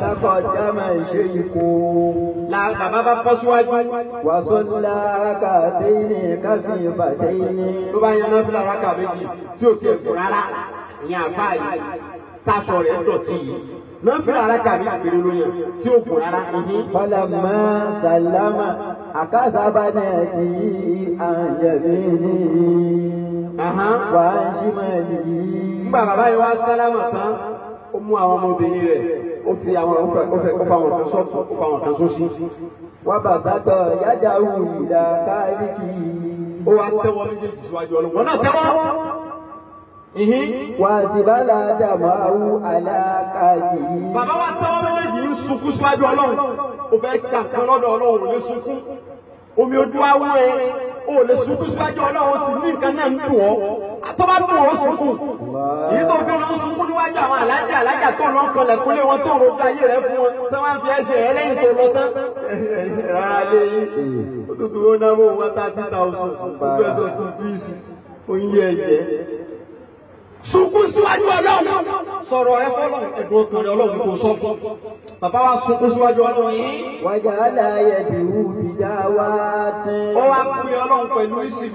taqaddama shaykhu. bàbá bá kọ́ síwájú. wa salla rak'atayni khafifatayni. tó bá yan náà fúlà rákà méjì tí ò tiẹ̀ kú rárá ní àbá yìí tásọ rẹ̀ dọ̀tí yìí náà fúlà rákà méjì péré tí ò kú rárá. falamma sallama akásàbà náà ti àjẹmí ni wàá ṣí máa nìyí. nígbà bàbá yìí wá sálámà tán ó mú àwọn ọmọbìnrin rẹ̀ ó fi àwọn ó fẹ́ ó fẹ́ kan sọ́ọ̀tù ó fa àwọn kan sósì. wọ́n bá sátọ̀ yájà wù ìdá ó wá tẹ́wọ́ méjèèjì síwájú ọlọ́run wọn náà tẹ́wọ́. wà á sì bá ládàmọ́ àwù alákàdì. bàbá wa tẹ́wọ́ méjèèjì ń sunkún síwájú ọlọ́run ó fẹ́ kà kan lọ́dọ̀ ò lè sunkún omi ojú awọ́ ẹ ó lè sunkún síwájú ọlọ́run ó sì ní nǹkan ń dùn ọ́ tó bá dùn ó sunkún èyí tó fi wọn sunkún níwájú àwọn alájà alájà tó lọ ń kúlé wọn tó rojú ayé rẹ fún wọn tí wọn fi ẹsẹ̀ ẹlẹ́yìn tó lọ tán. rárá lé yín ó tuntun ó náwó wọn thirty thousand gbogbo ẹ̀sọ̀ tún fíìsì oúnjẹ ẹ̀jẹ̀. sunkún síwájú ọlọ́run sọ̀rọ̀ ẹ fọlọ́ ẹ̀dùn ọkùnrin ọlọ́run kò sọ fún bàbá wa sunkún síwájú ọlọ́run yìí. wàjà aláyẹ̀ bìrù bìjà wá tẹ́. ó wá pè ọlọ́run pẹ̀lú ìsìn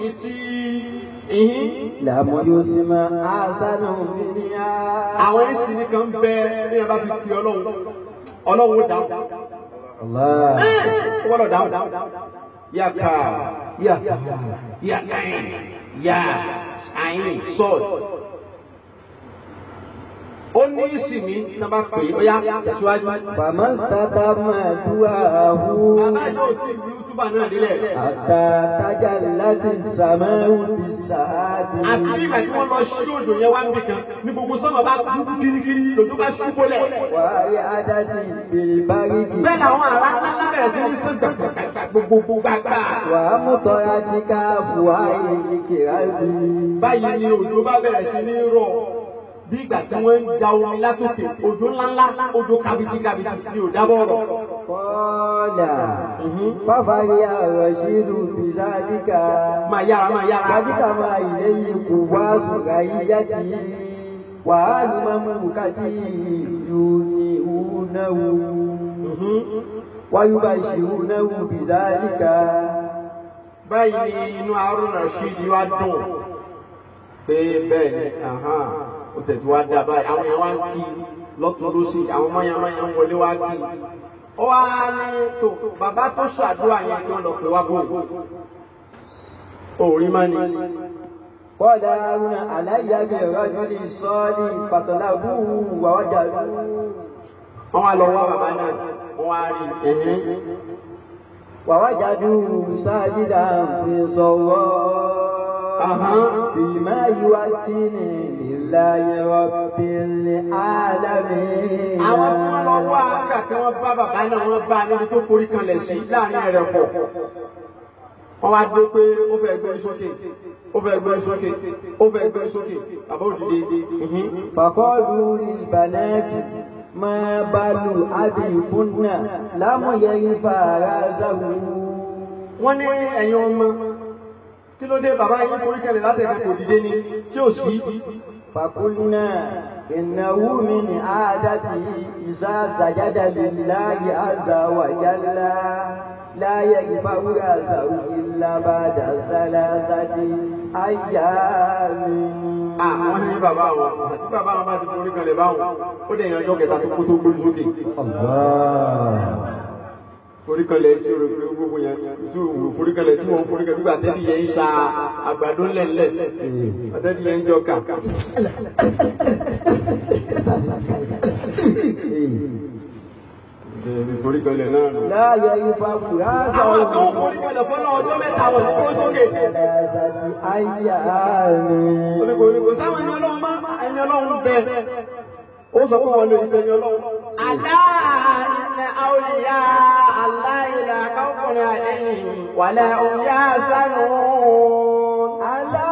làmú yóò sì mọ àṣàlù mi ni a. àwọn èsì nìkan bẹ ní ẹ bá fi pè ọlọ́run ọlọ́run dáhùn. wọ́n lọ dáhùn yàkà yàkà yàkà yà àyìn sọ́ọ̀tì ó ní ìsìn ní nàbà pè é bóyá síwájú. bàmá sábà máa dúrà hù. bàbá yóò tí ì ní túbà náà nílẹ̀. àtà tájà láti sàmáwù bí sàádì. àti nígbà tí wọ́n lọ sí òdò yẹn wá níbi kan ní gbogbo sọ́nà bá dúdú kirikiri lòdù bá ṣú bólẹ̀. wàhálà adájí bèrè bárí bẹ́ẹ̀ làwọn ará ńlá bẹ̀rẹ̀ ní sèǹtà gbogbo gbàgbà. wàá mú tọ́ra jí ká buhari kìkìrá báyìí ni òjò bá bẹ̀rẹ̀ sí ní rọ̀ bí ìgbà tí wọ́n ń da omi látòkè òjò ńláńlá òjò kabiti kabiti ni ò dábọ̀ rọ̀. kọ́ọ̀dà mhm. fáfárí àròṣírù bisalika. máa yára máa yára. kájíkà máa ilé yìí kò wá sùrà yìí yájú yìí wàhálù máa mú bùkátì ìlú ní ìwú náà wù. Mhm. wáyú bá ìṣèwú náà wù bisalika. báyìí ni inú Haruna Rashidi wá dùn pé bẹ́ẹ̀ ni ó tẹ̀tù wá dá báyìí àwọn yẹn wá ń kí lọ́tún lọ́sí àwọn ọmọ yẹn máa ń wọlé wá kí. ó wá ní tó bàbá tó ṣàdúrà yẹn kí wọ́n lọ pé wá bò ó. òòrí máa ní. Kọ́lá aláìyáàbí ẹ̀rọ ìjọ́lì sọ́ọ́lì pàtàlá búhù wàwá jàdú. Wọ́n wá lọ wá bàbá náà, wọ́n wá rí ẹ̀yìn. Wàwá jàdú sáájídà fi sọ̀wọ́. فيما يواتيني بالله رب العالمين. àwọn tí wọ́n lọ wá àgbà tí wọ́n bá bàbá náà wọ́n bá níbi tó forí kanlẹ̀ sí láàrin rẹ̀ pọ̀ wọ́n wá dé pé ó fẹ́ gbé sókè ó fẹ́ gbé sókè ó fẹ́ gbé sókè bàbá òdìdí. fàkọ́ọ̀lù ìbànẹ́ẹ̀tì máa bá lu àbí ìbúnà lámúyẹ ìfàrà wọ́n ní ẹ̀yin ọmọ kí ló dé bàbá yìí kórí kẹlẹ̀ látẹ̀kẹ́ kò dìde ni tí ò sí. fàkúnnà ìnáwó mi ní àádátì ìṣá sàjádà lillahi azza wa jalla láyé ìfáwúrà sàwùkì lábàdà sálásátì àyà mi. àwọn ní bàbá wa àti bàbá wa bá ti kórí kẹlẹ̀ báwọn ó dẹ̀ ọjọ́ kẹta tó kó tó sókè foríkalẹ̀ tí o rò pé gbogbo yẹn tí o rò foríkalẹ̀ tí wọ́n foríkalẹ̀ nígbà tẹ́tí yẹn ń sa àgbàdo lẹ́lẹ̀ àtẹ́tí yẹn ń jọ kà. foríkalẹ̀ náà lọ. láàyè ifá kùrá sọ wọn. àwọn tó ń foríkalẹ̀ fọlọ́ ọjọ́ mẹ́ta wọ̀ ló sókè. ẹlẹ́sàtì ayé àmì. oníkòríkò sáwọn ẹni ọlọ́run bá ẹni ọlọ́run bẹ́ẹ̀. ó sọ fún àwọn ẹni ìtẹ́ni ọlọ́run. àdá ilẹ̀ àwòyá aláìlà kọ́kùnrin àdéhìn wàlẹ̀ òyà sánú. àdá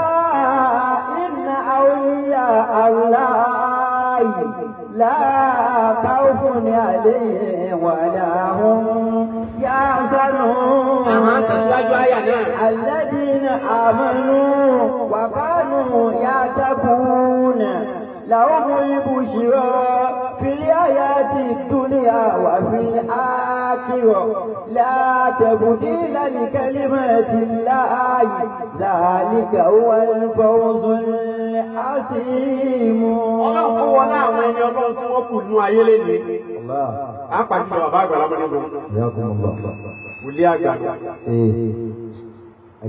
ilẹ̀ àwòyá aláìlà kọ́kùnrin àdéhìn wàlẹ̀ òyà يحزنون الذين آمنوا وكانوا يتقون لهم البشرى في الحياة الدنيا وفي الآخرة لا تبديل لكلمات الله ذلك هو الفوز العظيم ọlọ́run kó wọlé àwọn ẹni ọlọ́run tí wọ́n kù nú ayé lẹ́nu á pàṣẹ bàbá àgbàlá mọ́ nígbà wòlíì àgbàlá eh.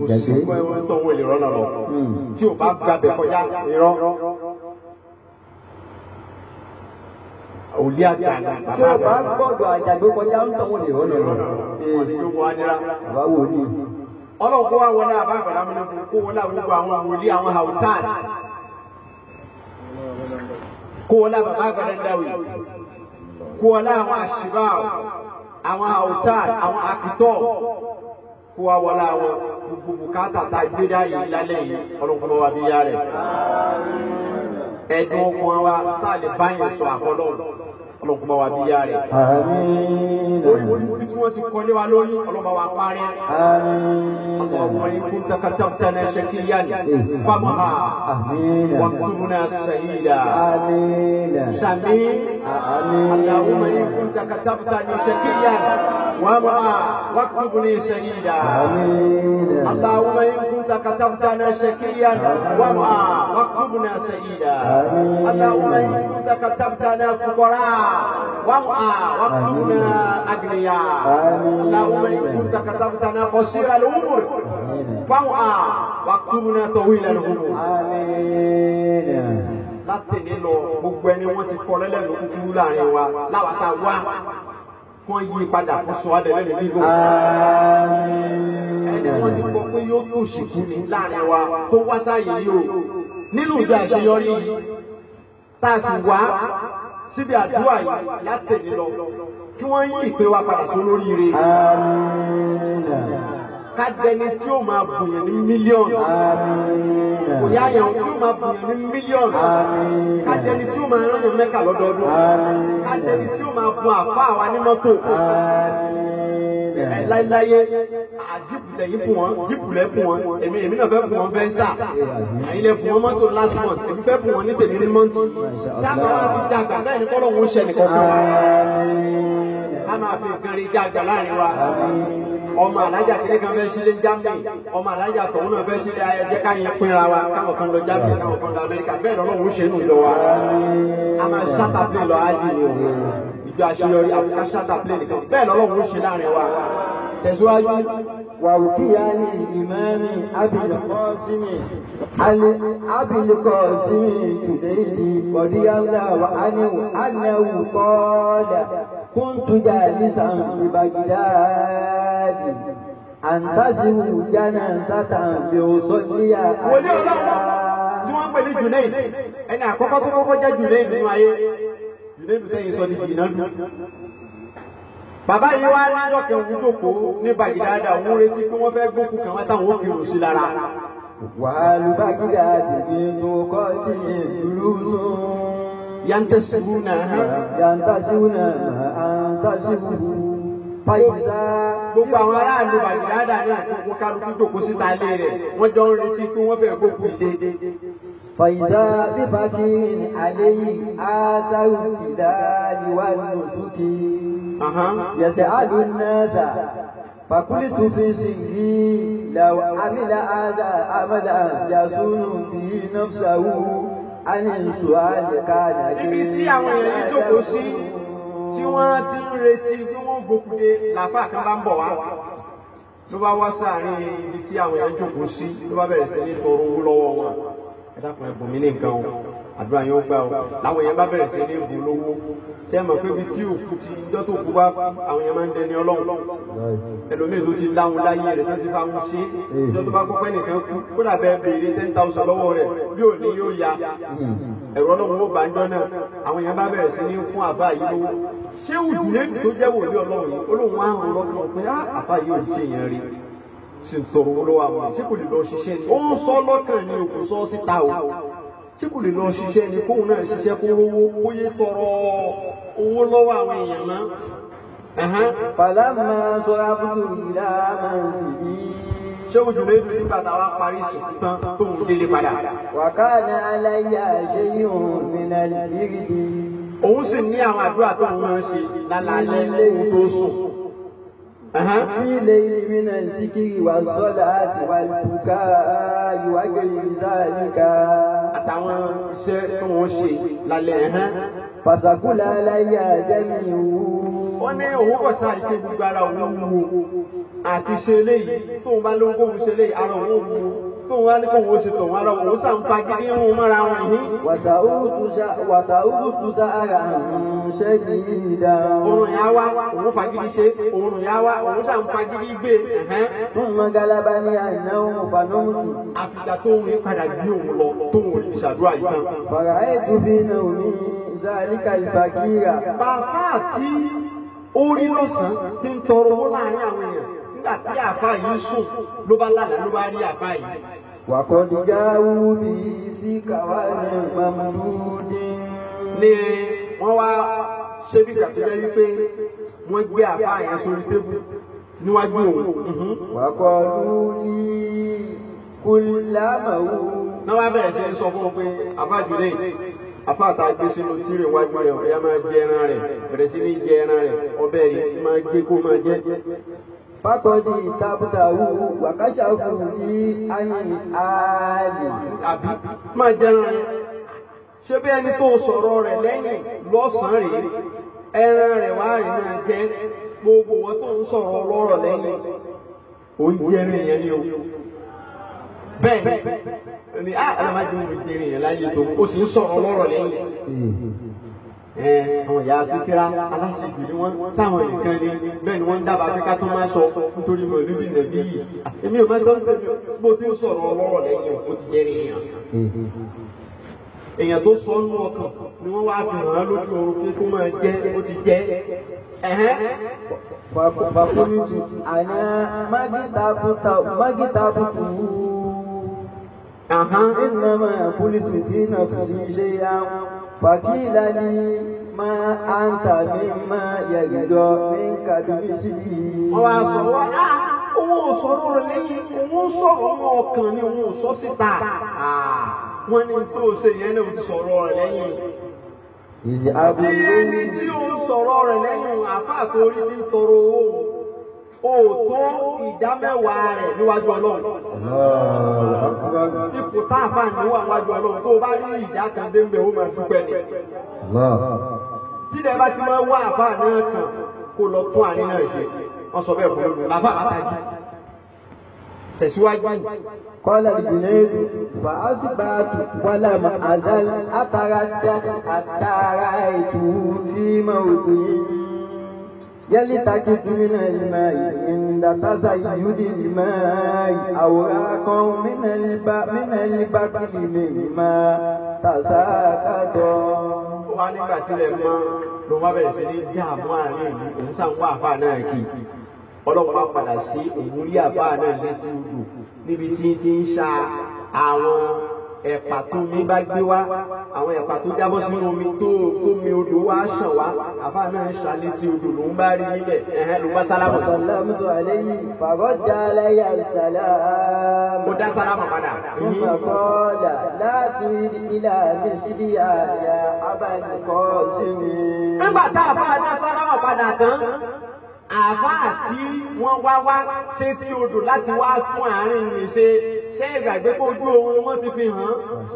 kò sí kọ́ ẹ̀wọ̀n tó wọlé rọ́nà lọ hmm. tí ò bá gbàgbẹ́ kọjá irọ́. òdi àti àná. ṣé o bá gbọ́dọ̀ àjàgbé kọjá ń tọ́wọ́ ní ìwọ́n lọ́nà. bàbá wo ni. ọlọ́run kó wá wọlé àbá àbàlá mi náà kó wọlé àwùjọ àwọn wòlíì àwọn hautan. kó wọlé àbàbá àbàlá dáwì. kó wọlé àwọn àṣìbá àwọn hautan àwọn akitọ kó wá wọlé àwọn gbogbo bùkátà tá a gbé dá yìí lálẹ́ yìí ọlọ́run kó wá bí yá rẹ̀ ẹdun ọkùnrin wa sáà lè báyìí sọ àkọlọ́ọ̀lù. ọlọ́run kó bá wa rẹ̀. orí tí wọ́n ti kọ́lé wa lórí ọlọ́run bá wa parẹ́. ọlọ́run yìí kún takatata náà ṣẹ́kí yá ni fáwọn ha wà kúrú náà sẹ́yìn dà. sàmì aláwọ̀ yìí kún takatata náà ṣẹ́kí yá ni. وامرأة واكتبني سيدا اللهم إن كنت كتبتنا شكيا وامرأة واكتبنا سيدا اللهم إن كنت كتبتنا فقراء وافقا وارحمنا اغنياء اللهم ان كنت كتبتنا قصير الامور فوقا واكتبنا طويل الامور láti nílò gbogbo ẹni wọn ti kọ lẹlẹnu kúkúrú láàrin wa láwàtà wa kó yí padà kó sọ adẹ lẹnu bíbò. ẹni wọn ti kọ pé yóò tó ṣìkú ní láàrin wa tó wá sáyé yìí o nínú ìjọ àṣeyọrí tá a sì wá síbi àdúrà yìí látẹ̀lé lọ kí wọ́n yí ìpè wa padà sí olóríire. ká tí ó máa bùyàn ní mílíọ̀nù. kò yá tí ó máa bùyàn ní mílíọ̀nù. ká tí ó máa rán yàn mẹ́kà lọ́dọọdún. ká tí ó máa bu àfa àwa ní mọ́tò láíláyé àjípùlẹ̀ ah, yìí bùn wọn jípùlẹ̀ bùn wọn èmi èmi náà fẹ́ bùn wọn fẹ́ńsà àyìnlẹ̀ bùn wọn mọ́tò last month èmi fẹ́ bùn wọn ní tèmi ní mọ́ntì táwọn máa fi dàgbà náà ní kọ́lọ́ wọn ṣẹ nìkan fún wa a máa fi kiri dàgbà láàrin wa ọmọ alájà kiri kan fẹ́ sílé Germany ọmọ alájà tòun náà fẹ́ sílé ayẹyẹ káyẹn pinra wa káwọn kan lọ Germany káwọn kan lọ Amẹ́ríkà bẹ́ẹ̀ lọ́lọ́run ṣe tẹ̀síwájú wàwùkíyà ní ìmáàmì abilikọ́símì abilikọ́símì tùdẹ́yìí kọ̀díyàlá wà ánìwò ánìwò kọ́ọ̀dà kúntùjà nísàn ìbàgídáàdì àǹtàṣìwò jánà sátàn bí ó sọ níyà àdìyà. tí wọ́n ń pè ní Junaid ẹni àkọ́kọ́ tó kọ́kọ́ jẹ́ Junaid nínú ayé Junaid tẹ̀yìn sọ ní jìnnà dùn bàbá yìí wá níjọ́ kan òun jókòó ní bàgídáàdà òun retí pé wọ́n fẹ́ gbókù kan wọ́n táwọn ó kiri òsì lára. wàhálù bàgídáàdì ni mo kọ́ sí ìlú sùn. yantasibuna. yantasibuna ma antasibu. pàyíṣà. gbogbo àwọn aráàlú bàgídáàdà náà kó kálukú jókòó síta ilé rẹ̀ wọ́n jọ ń retí pé wọ́n fẹ́ gbókù déédéé. فإذا بفكين عليه آتوا الجدال والنسك يسأل الناس فقلت في سري لو عمل هذا عملا يصون به نفسه عن السؤال كان tí wọ́n ti ń retí bí wọ́n gbókúndé làfà kan bá ń bọ̀ wá ló bá wá sáàrin ibi tí àwọn èèyàn jókòó sí ló bá bẹ̀rẹ̀ sí ní tọrọ owó lọ́wọ́ wọn ẹ dákun ẹbùn mi ní nǹkan o àdúrà yẹn ó gbà o làwọn èèyàn bá bẹ̀rẹ̀ sí ní bù lówó ṣé ẹ mọ̀ pé bí tí òkú ti ìjọ tó kú bá àwọn èèyàn máa ń dẹni ọlọ́run ẹlòmíì tó ti láwọn láyé rẹ̀ tó ti fa wọn ṣe ìjọ tó bá kó pẹ́ nìkan kú kódà bẹ́ẹ̀ béèrè ten thousand lọ́wọ́ rẹ̀ bí ò ní yóò ya ẹ̀rọ ọlọ́run ó bá ń jọ náà àwọn èèyàn bá bẹ̀rẹ̀ sí ní fún àbá yìí lówó ṣé òdùnlé tó jẹ́ wòlíì ọlọ́run yìí sì sọ̀rọ̀ olówó àwọn yìí kò lè lọ ṣiṣẹ́ ni ó ń sọ lọ́kàn ni òkú sọ síta o ṣé kò lè lọ ṣiṣẹ́ ni kóun náà ṣiṣẹ́ kó rówó kó tọrọ owó lọ́wọ́ àwọn èèyàn mọ́. fàlámà sọ̀rọ̀ abúlé ìlà máa sì bí. ṣé ojú lè dùn nígbà táwa parí sùn tán tóun délé padà. wàkàna aláyà ṣe yóò gbìnà ìrìndì. òun sì ní àwọn àdúrà tóun máa ń ṣe lálẹ́ òun tó sùn. الليل من الذكر والصلاة والبكاء وغير ذلك àtàwọn iṣẹ́ tó wọ́n ṣe lálẹ́ ẹ̀hán. fàṣàkúlà aláyé àjẹmí wú. wọ́n ní òun kò sáré pé gbogbo ara òun wù ú àti ṣe eléyìí tóun bá lóun kóun ṣe eléyìí ara òun wù ú tó wá ní kó wo ṣe tọ̀ wọn lọ kó sàn fa gidi ń mọ́ra wọn yìí. wàsàúrù tusa ara ṣe ní ìdá. òrùn yà wá òun fa gidi ṣe òrùn yà wá òun sàn fa gidi gbé. súnmọ́ galaba ní àná òun fanúmùtù. àfìgbà tó ń padà gbé bàbá àti orí lọ́sàn-án ti ń tọrọ owó láàárín àwọn èèyàn nígbà tí àfa yìí sùn ló bá lálàá ló bá rí àfa yìí. wàkọ́ni jáwú bí fíkàwá ní mamudí. ni wọ́n wá ṣé bí kàtúndé wípé wọ́n gbé àfa yẹn sórí tébù níwájú òun. wàkọ́ni ní kùlámàwù. náà wá bẹ̀rẹ̀ sí ń sọ fún un pé àbájú lè afáàtà gbé sínú tírè wájú rẹ ọ̀yá máa jẹ ẹran rẹ bẹ̀rẹ̀ sí ní jẹ ẹran rẹ ọbẹ̀ rẹ máa gbé kó máa jẹ fakọdi tabutawu wakasa fudi ani ali. àbí máa jẹun ṣé bí ẹni tó sọ̀rọ̀ rẹ̀ lẹ́yìn lọ́sàn-án rèé ẹran rẹ̀ wá rèé máa jẹ gbogbo wọn tó ń sọ̀rọ̀ lọ́rọ̀ lẹ́yìn oúnjẹ rẹ̀ yẹn ni o bẹ́ẹ̀ ni a ah, ẹ̀ máa jẹun oúnjẹ rẹ̀ yẹn láyé tó o sì ń sọ̀rọ̀ lọ́rọ̀ lẹ́yìn. Hmm àwọn ìyá síkírá aláṣejù ni wọ́n táwọn nìkan ni bẹ́ẹ̀ ni wọ́n ń dábàá pé ká tó máa sọ nítorí mo ìlú bìnnà bí yìí èmi ò máa ń sọ bó ti ń sọ̀rọ̀ ọlọ́rọ̀ lẹ́yìn ó ti jẹ́ èèyàn èèyàn tó sọ nínú ọkàn ni wọ́n wá fi hàn án lójú oorun pé kó máa jẹ́ ó ti jẹ́ Fàkúrìtì àná mágítà bùtù ìnáwó àkúrìtì tí náà fi ṣe iṣẹ́ yá wọn. فقيل لي ما أنت مما يجدو منك بمثله òun ò sọ̀rọ̀ rẹ̀ lẹ́yìn òun sọ̀rọ̀ ọmọ ọkàn ni òun ò sọ síta ah, wọ́n ní tó ṣe yẹn ní òun sọ̀rọ̀ rẹ̀ lẹ́yìn. ìyá ẹni tí ó òótó ìdámẹ́wàá rẹ̀ níwájú ọlọ́run. ipò tá a fà níwà níwájú ọlọ́run tó o bá rí ìdá kan dé ń bẹ̀ ó máa dúpẹ́ ni. tílẹ̀ bá ti máa wá àbá náà kàn kó lọ tún àárín náà ṣe wọ́n sọ bẹ́ẹ̀ fún mi làbá àtàjì tẹ̀síwájú. kọ́lá ìdílẹ́rù fàásìbàtù wàlámù àzálì àtàrà àtàrà ètò fíìmù òkùnrin. يلتقط من الماء عند تزيد الماء أوراق من الب من البقل مما تساقط. wọ́n á nígbà tílẹ̀ mọ́ ló wá bẹ̀rẹ̀ sí ní dààmú àárín ìlú òun sàǹwá àfa náà kì í ọlọ́pàá á padà sí òun rí àfa náà létí odò níbi tí ti ń ṣa àwọn ẹ̀pà tó mi bá gbé wá àwọn ẹ̀pà tó jábọ́ sínú omi tó gómi odò wá ṣàn wá àbá náà ń tí odò ló ń bá rí níbẹ̀ ẹ̀hẹ́n ló bá sálámù. sàlámù tó alẹ́ yìí fàgọ́ da aláyà sàlámù. ó dá sálámù padà. tó fà kọ́ọ̀là láti ilà mi síbi àyà abánikọ́ sí mi. nígbà tá a bá dá sálámù padà tán àáfàá tí wọ́n wá wá ṣe tí odò láti wá tún àárín rìn ṣe ṣé ìgbàgbé kojú ohun ni wọ́n ti fi hàn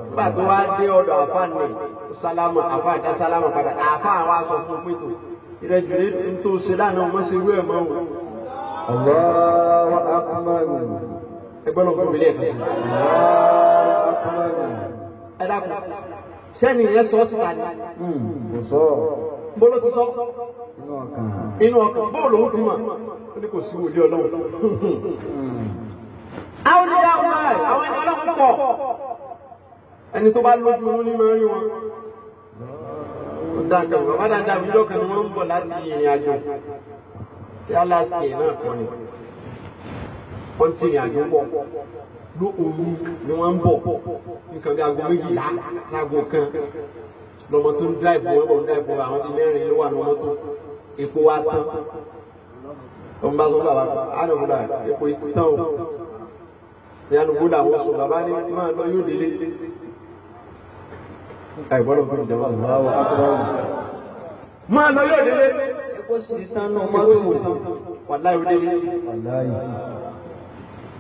nígbà tó wá dé ọ̀dọ̀ àáfàá nì sálámù àáfàá dá sálámù padà àáfàá wa sọ fún pé tó ìrẹ́jù ní tó ṣe lánàá wọ́n ṣe wú ẹ̀ mọ́ o. Allahu akbar. ẹgbẹ́ ló gbọ́dọ̀ ilé ẹ̀ka sí. Allahu akbar. ẹ dákun sẹ́ni ìyẹn sọ ọ́ sí ta ni. Hmm, kò ti sọ inú ọkàn bóòlù òun ti mọ̀ ó ní kò sí wòlíì ọlọ́run. àwọn oníyà ọ̀la àwọn ẹni ọlọ́run pọ̀ ẹni tó bá lójú wọn ní máa wọn. dáadáa bàbá dáadáa mi lọ́kàn ni wọ́n ń bọ̀ láti ìrìn àjò tí alaska náà kọ́ ni wọ́n ti ìrìn àjò pọ̀ ló òru ni wọ́n ń bọ̀ nǹkan bí aago méjìlá aago kan lọ́mọ tó ń dáìbò wọn bọ̀ ń dáìbò àwọn ilé ẹ̀rìn ló wà ní mọ́tò epo wa tán wọn bá sọ bàbá ànàbúdà epo tán o ní ànàbúdà wọn sọ bàbá ní máa lọ yóò délé àìgbọ́dọ̀ fún ìjọba àwọn akọ́wọ́ máa lọ yóò délé epo sì tán náà mọ́tò wà láyò délé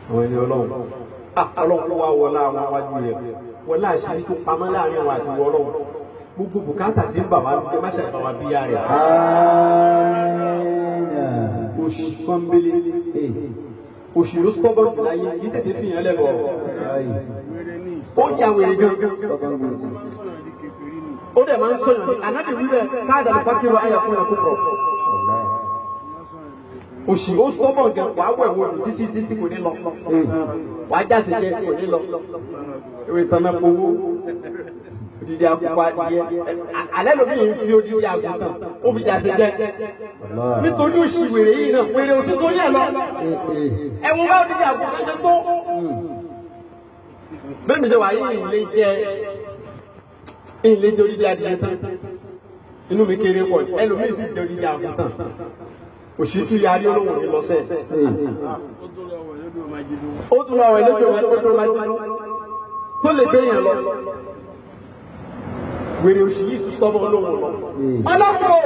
àwọn ẹni ọlọ́run ah, ọlọ́run wá wọlá àwọn wájú rẹ̀ wọlá àṣírí tó pamọ́ láàrin àwọn àti wọ́ọ́rọ́ gbogbo bùkátà tí ń bà wá lókè má ṣàbà wá bíyà rẹ̀. oṣù pọ́nbélé oṣù ló sọ́bọ̀ láyé kí tètè fi yàn lẹ́bọ̀. ó yà wèrè gan. ó dẹ̀ máa ń sọ̀yàn ní anábì wíwẹ̀ káàdà ló fákìrò ayàkùn yàn kúkọ̀. oṣù ó sọ́bọ̀ gan wàá wẹ̀ wọ̀ títí títí kò ní lọ. wàá jáse jẹ kò ní lọ. ewé tán náà fowó odidi akókò adìẹ alẹ́ lómi yìí fi odidi àgùntàn ó fi jàse jẹ nítorí òsì wèrè yìí náà wèrè òtítọ́ yẹn lọ eh, eh. ẹ wo bá odidi àgùntàn ṣe tó hmm. bẹ́ẹ̀ mi ṣe wà ilé jẹ ilé jẹ odidi adìẹ tán inú mi kéré pọ̀ ẹ lómi sì jẹ odidi àgùntàn òsì tún yarí olóhùn mi lọ sẹ́ẹ̀ eh. ó tún lọ àwọn ẹlẹ́jọ́ máa tó tó máa tó tó lè gbé yẹn lọ wèrè òsì yìí tún sọ́mọ́ lówó hmm. ọlọ́pọ̀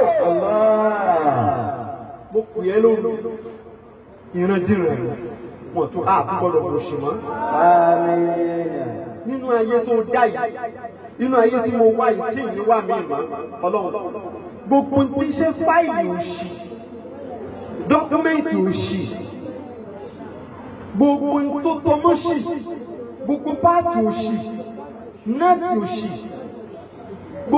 mo pè é lóru ìrandíran wọn tún á gbọ́dọ̀ kò sí mọ́. nínú ayé tó dá yìí nínú ayé tí mo wá yìí tí ìní wà mí mọ́ ọlọ́run gbogbo ti ṣe fáìlì òsì dọ́kúmẹ́ǹtì òsì gbogbo tó tọmọ́ sí gbogbo páàtì òsì náàtì òsì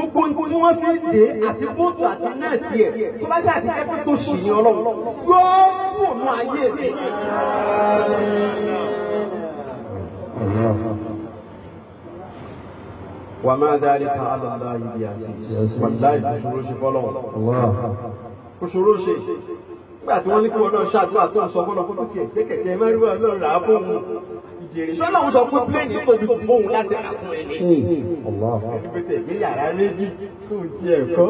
gbogbo tí wọ́n fi dé àti bóòtù àti nẹ́ẹ̀tì ẹ̀ tó bá ṣáà ti kẹ́kọ̀ọ́ tó ṣì ní ọlọ́run yóò wò mú ayé mi. wàmà dárí ká àlọ́lá ibi àti wàláì kòṣòro ṣe fọlọ́wọ́ kòṣòro ṣe nígbà tí wọ́n ní kí wọn náà ṣáàdúrà tó ń sọ fọlọ́ kó tó tiẹ̀ kékeré mẹ́rin wọn náà rà á sọlá ń sọ pé pléènì tóbi fóun láti rà fún ẹni. ìgbésẹ̀ ìgbé yàrá méjì fún ti ẹ̀kọ́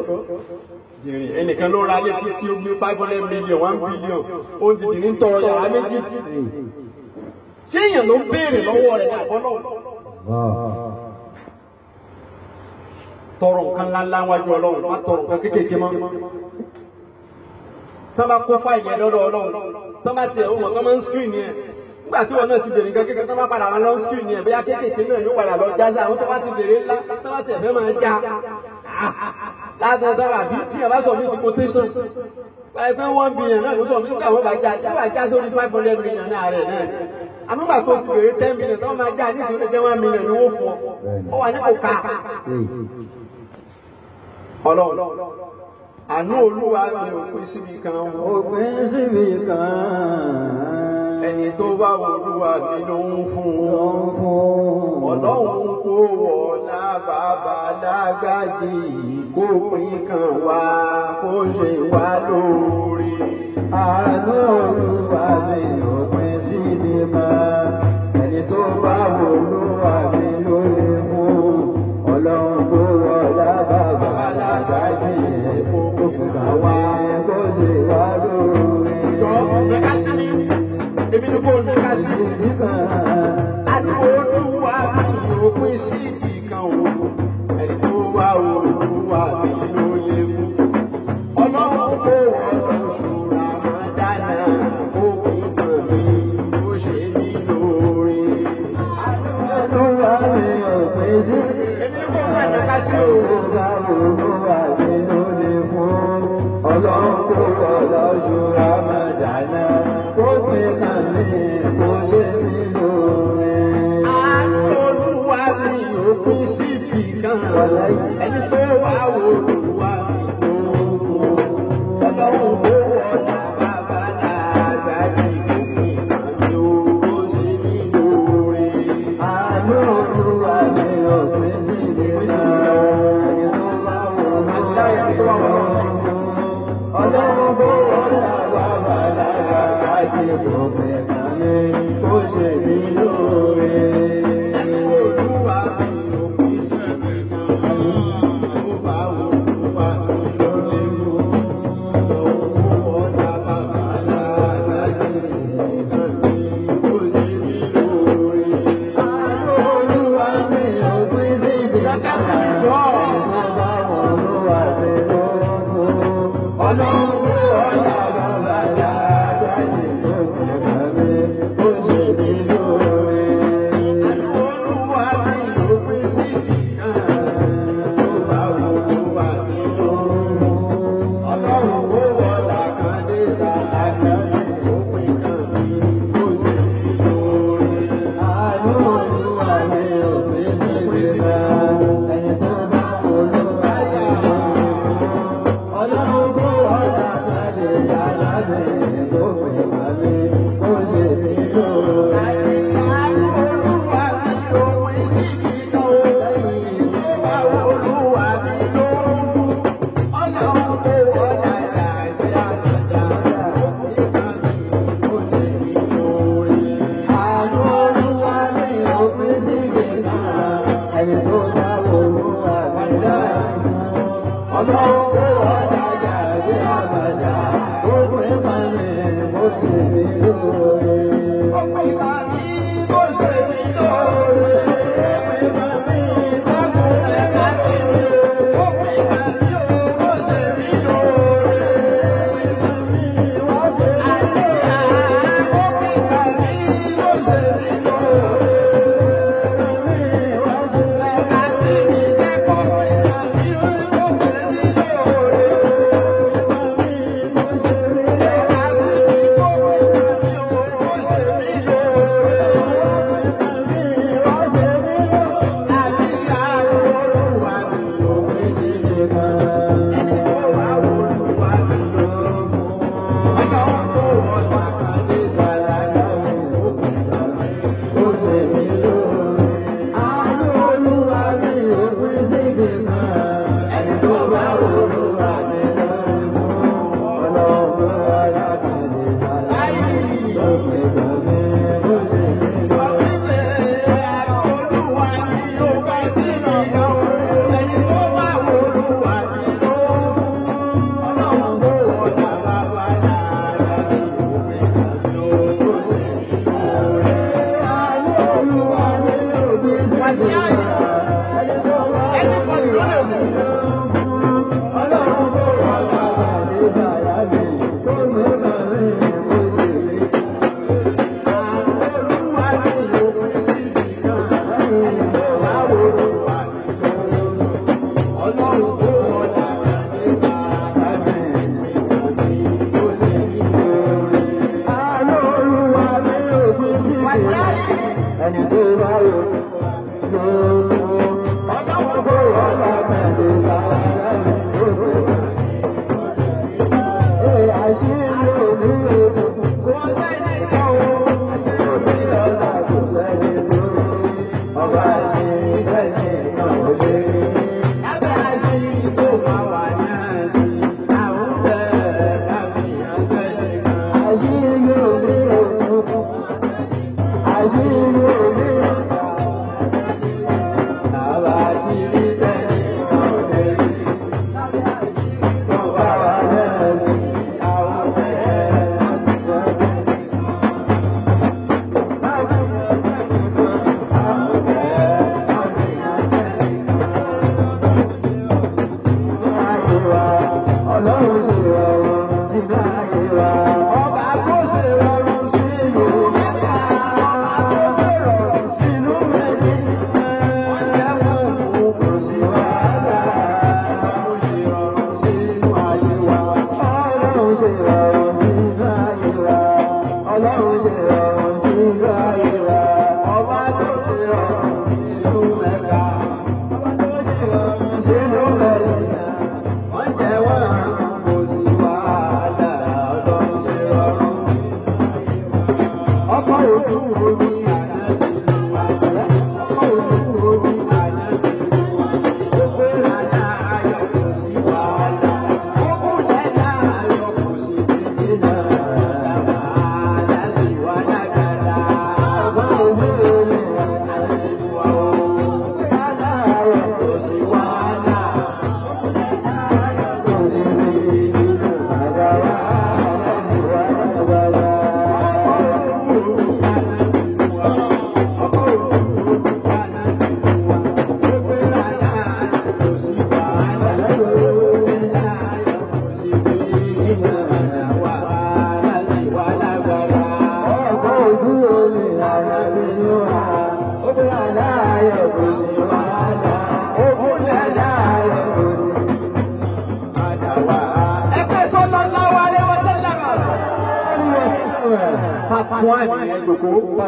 jìnrìn ẹnìkan ló ra lé fifty omi five hundred million one billion ó ti dìrín tọrọ yàrá méjì. ṣé èèyàn ló ń béèrè lọ́wọ́ rẹ̀ ní àbọ́lọ́? tọrọ nǹkan ńláńlá wájú ọlọ́run má tọrọ nǹkan kéékèèké mọ́ tọ́ kó fáìlì ẹ̀ lọ́dọ̀ ọlọ́run tọ́ tiẹ̀ ó mọ̀ tọ́ máa ń screen yẹn nígbà tí wọn náà ti bèrè nǹkan kékeré tó bá padà wọn lọ skul ni ẹ bóyá kéékèèké náà ló padà lọ jáde àwọn tó bá ti bèrè ńlá tó bá tẹ̀ fẹ́ máa já látọ̀ dára bí tí a bá sọ mí ti quotation báyìí pé wọ́n bìyàn náà ló sọ mí sókè àwọn bá já tí wàá já sórí five hundred million náà rẹ̀ náà àmúgbà tó ti bèrè ten million tó máa já nísìnyí lè jẹ́ one million ni wọ́n fọ́ ọ wà ní kò ká ọlọ́run àánú olúwa mi ò pín síbi kan o. ò pín síbi kan. ẹni tó bá olúwa mi ló ń fún un. ló ń fún un. ọlọ́run kó wọ̀ lábàbà lágbàdì kó pín kan wá kó ṣe wá lórí. àánú olúwa mi ò pín síbi kan. ẹni tó bá olúwa. pín sí ìkan wo ẹni tó wá wo ló wà nínú léwu. ọlọ́run kò wọ́n lọ ṣòro àmàdánà òkun kan mi ó ṣe mí lóore. ló wà ní ọ̀pẹ́ sí. èmi kò wá ìjọba sí òwò bá wo ló wà nínú léwu. ọlọ́run kò wọ́n lọ ṣòro àmàdánà òkun kan mi ó ṣe mí lóore. O sì é kan. ẹni o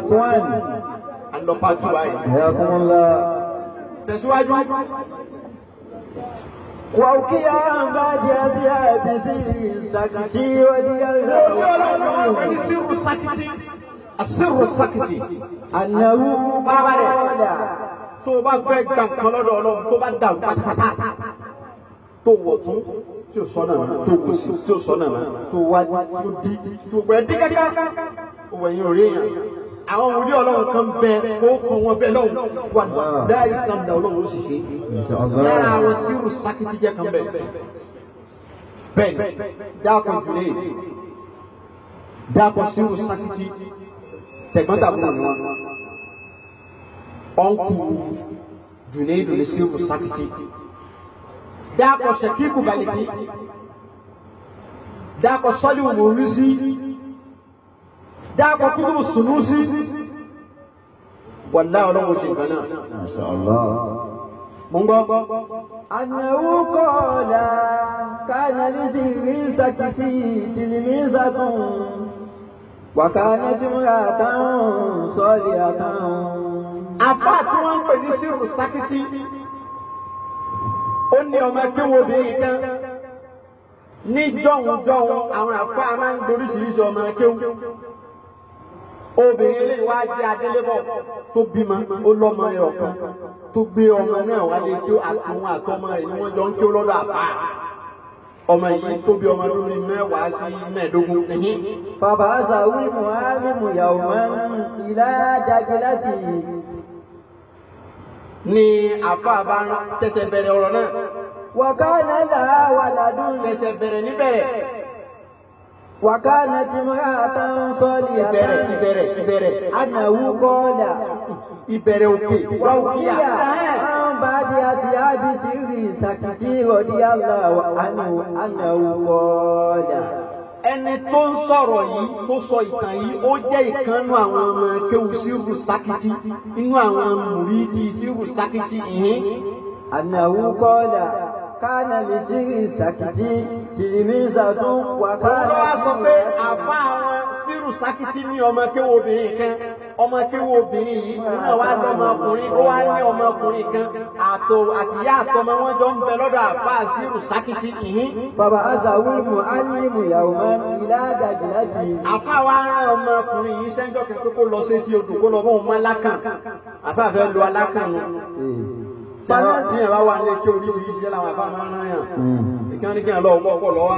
ikhwan. alọ́pàá tù báyìí. ẹ̀yà kún la. tẹ̀síwájú. وأوكيا بادي أبيات سيري سكتي ودي السر سكتي السر سكتي أنه قال tó o bá gbẹ́ nǹkan kan lọ́dọ̀ ọlọ́run tó bá dàrú pátápátá tó wọ̀ tún tí o sọ́nà náà tó wò sí tí o sọ́nà náà tó wá di tó gbẹ́ dí kẹ́kẹ́ òwò ẹ̀yìn àwọn wòlíì ọlọ́run kan bẹ kó kọ wọn bẹ lọ́wọ́ wà ah. láàyè kan da ọlọ́run ó sì ṣe lára àwọn sírù sákìtì jẹ́ kan bẹ bẹ́ẹ̀ dáàpọ̀ jùlẹ̀ dáàpọ̀ sírù sákìtì tẹ̀gbọ́ntàbúrò ni wọn ọ̀nkù jùlẹ̀ ìdùnnẹ̀ sírù sákìtì dáàpọ̀ ṣẹ̀kíkù balẹ̀kì dáàpọ̀ sọ́líwò mọ̀ọ́lùsí dáàbò kúndùn sùnúsì wàlá ọlọ́run ṣe nǹkan náà. Masha Allah. mo ń gbọ́. ànáwó kọ́ ọ̀la káàmẹ́lì sí rí sàkìtì tìlìmí sàtún wàkàlẹ́ tí mo yà táwọn sọ́ọ̀lì àtàwọn. àbá tí wọ́n ń pè ní sírù sákìtì ó ní ọmọ akéwò obìnrin kan ní jọ̀hún jọ̀hún àwọn àfa máa ń doríṣiríṣi ọmọ akéwò obìnrin lè wá jẹ́ adélébọ̀ tó bímọ ó lọ́mọ ẹ̀ ọ̀kan tó gbé ọmọ náà wálé tó àtúnwọ̀n àtọmọ rẹ̀ ni wọ́n jọ ń kí ó lọ́dọ̀ àbá ọmọ yìí tó bí ọmọ ọdún ní mẹ́wàá sí mẹ́ẹ̀ẹ́dógún. bàbá sàwí muhammed yahoo ilá jagilati. ni àfa bá ń ṣẹ̀ṣẹ̀ bẹ̀rẹ̀ ọ̀rọ̀ náà. wàkánà làwọn àdúrà. ṣẹ̀ṣẹ̀ bẹ̀rẹ̀ níbẹ̀rẹ̀ wàkàlà tí mo yà tá ń sọ ní ìbẹ̀rẹ̀ ìbẹ̀rẹ̀ ìbẹ̀rẹ̀ ànáwó kọ́ọ̀là ìbẹ̀rẹ̀ òkè wàwùkíyà àwọn bá di àti àbí sírì sàkìtì ìrọ̀lì aláwọ̀ ànáwó kọ́ọ̀là. ẹni tó ń sọ̀rọ̀ yìí tó sọ ìtàn yìí ó jẹ́ ìkànnú àwọn ọmọ kéwù sírù sákìtì inú àwọn mùrídìí sírù sákìtì yìí. ànáwó kọ́ọ̀là kánà lè ṣe ìsàkìtì tìrìmìsàtún wà kánà. ó wá sọ pé àfa àwọn sírù sákìtì ní ọmọ kéwò obìnrin kan ọmọ kéwò obìnrin yìí náà wá ní ọmọkùnrin ó wá ní ọmọkùnrin kan àtò àtìyá àtọmọ wọn jọ ń bẹ lọ́dọ̀ àfa sírù sákìtì yìí. bàbá azawu mu alimu yahoo ma ilá gàdí láti. àfa wa ọmọkùnrin yìí sẹ́ńdọ̀ kẹ́kẹ́ kó lọ sí etí odò kó lọ bọ́ òun alákàn àfa fẹ́ lo alákàn. Eh balance yẹn bá wà ní kí oríṣiríṣi làwọn àbá máa ń rán yàn hmm. ìkan ní kí n lọ ọgbọ ọgbọ lọ wá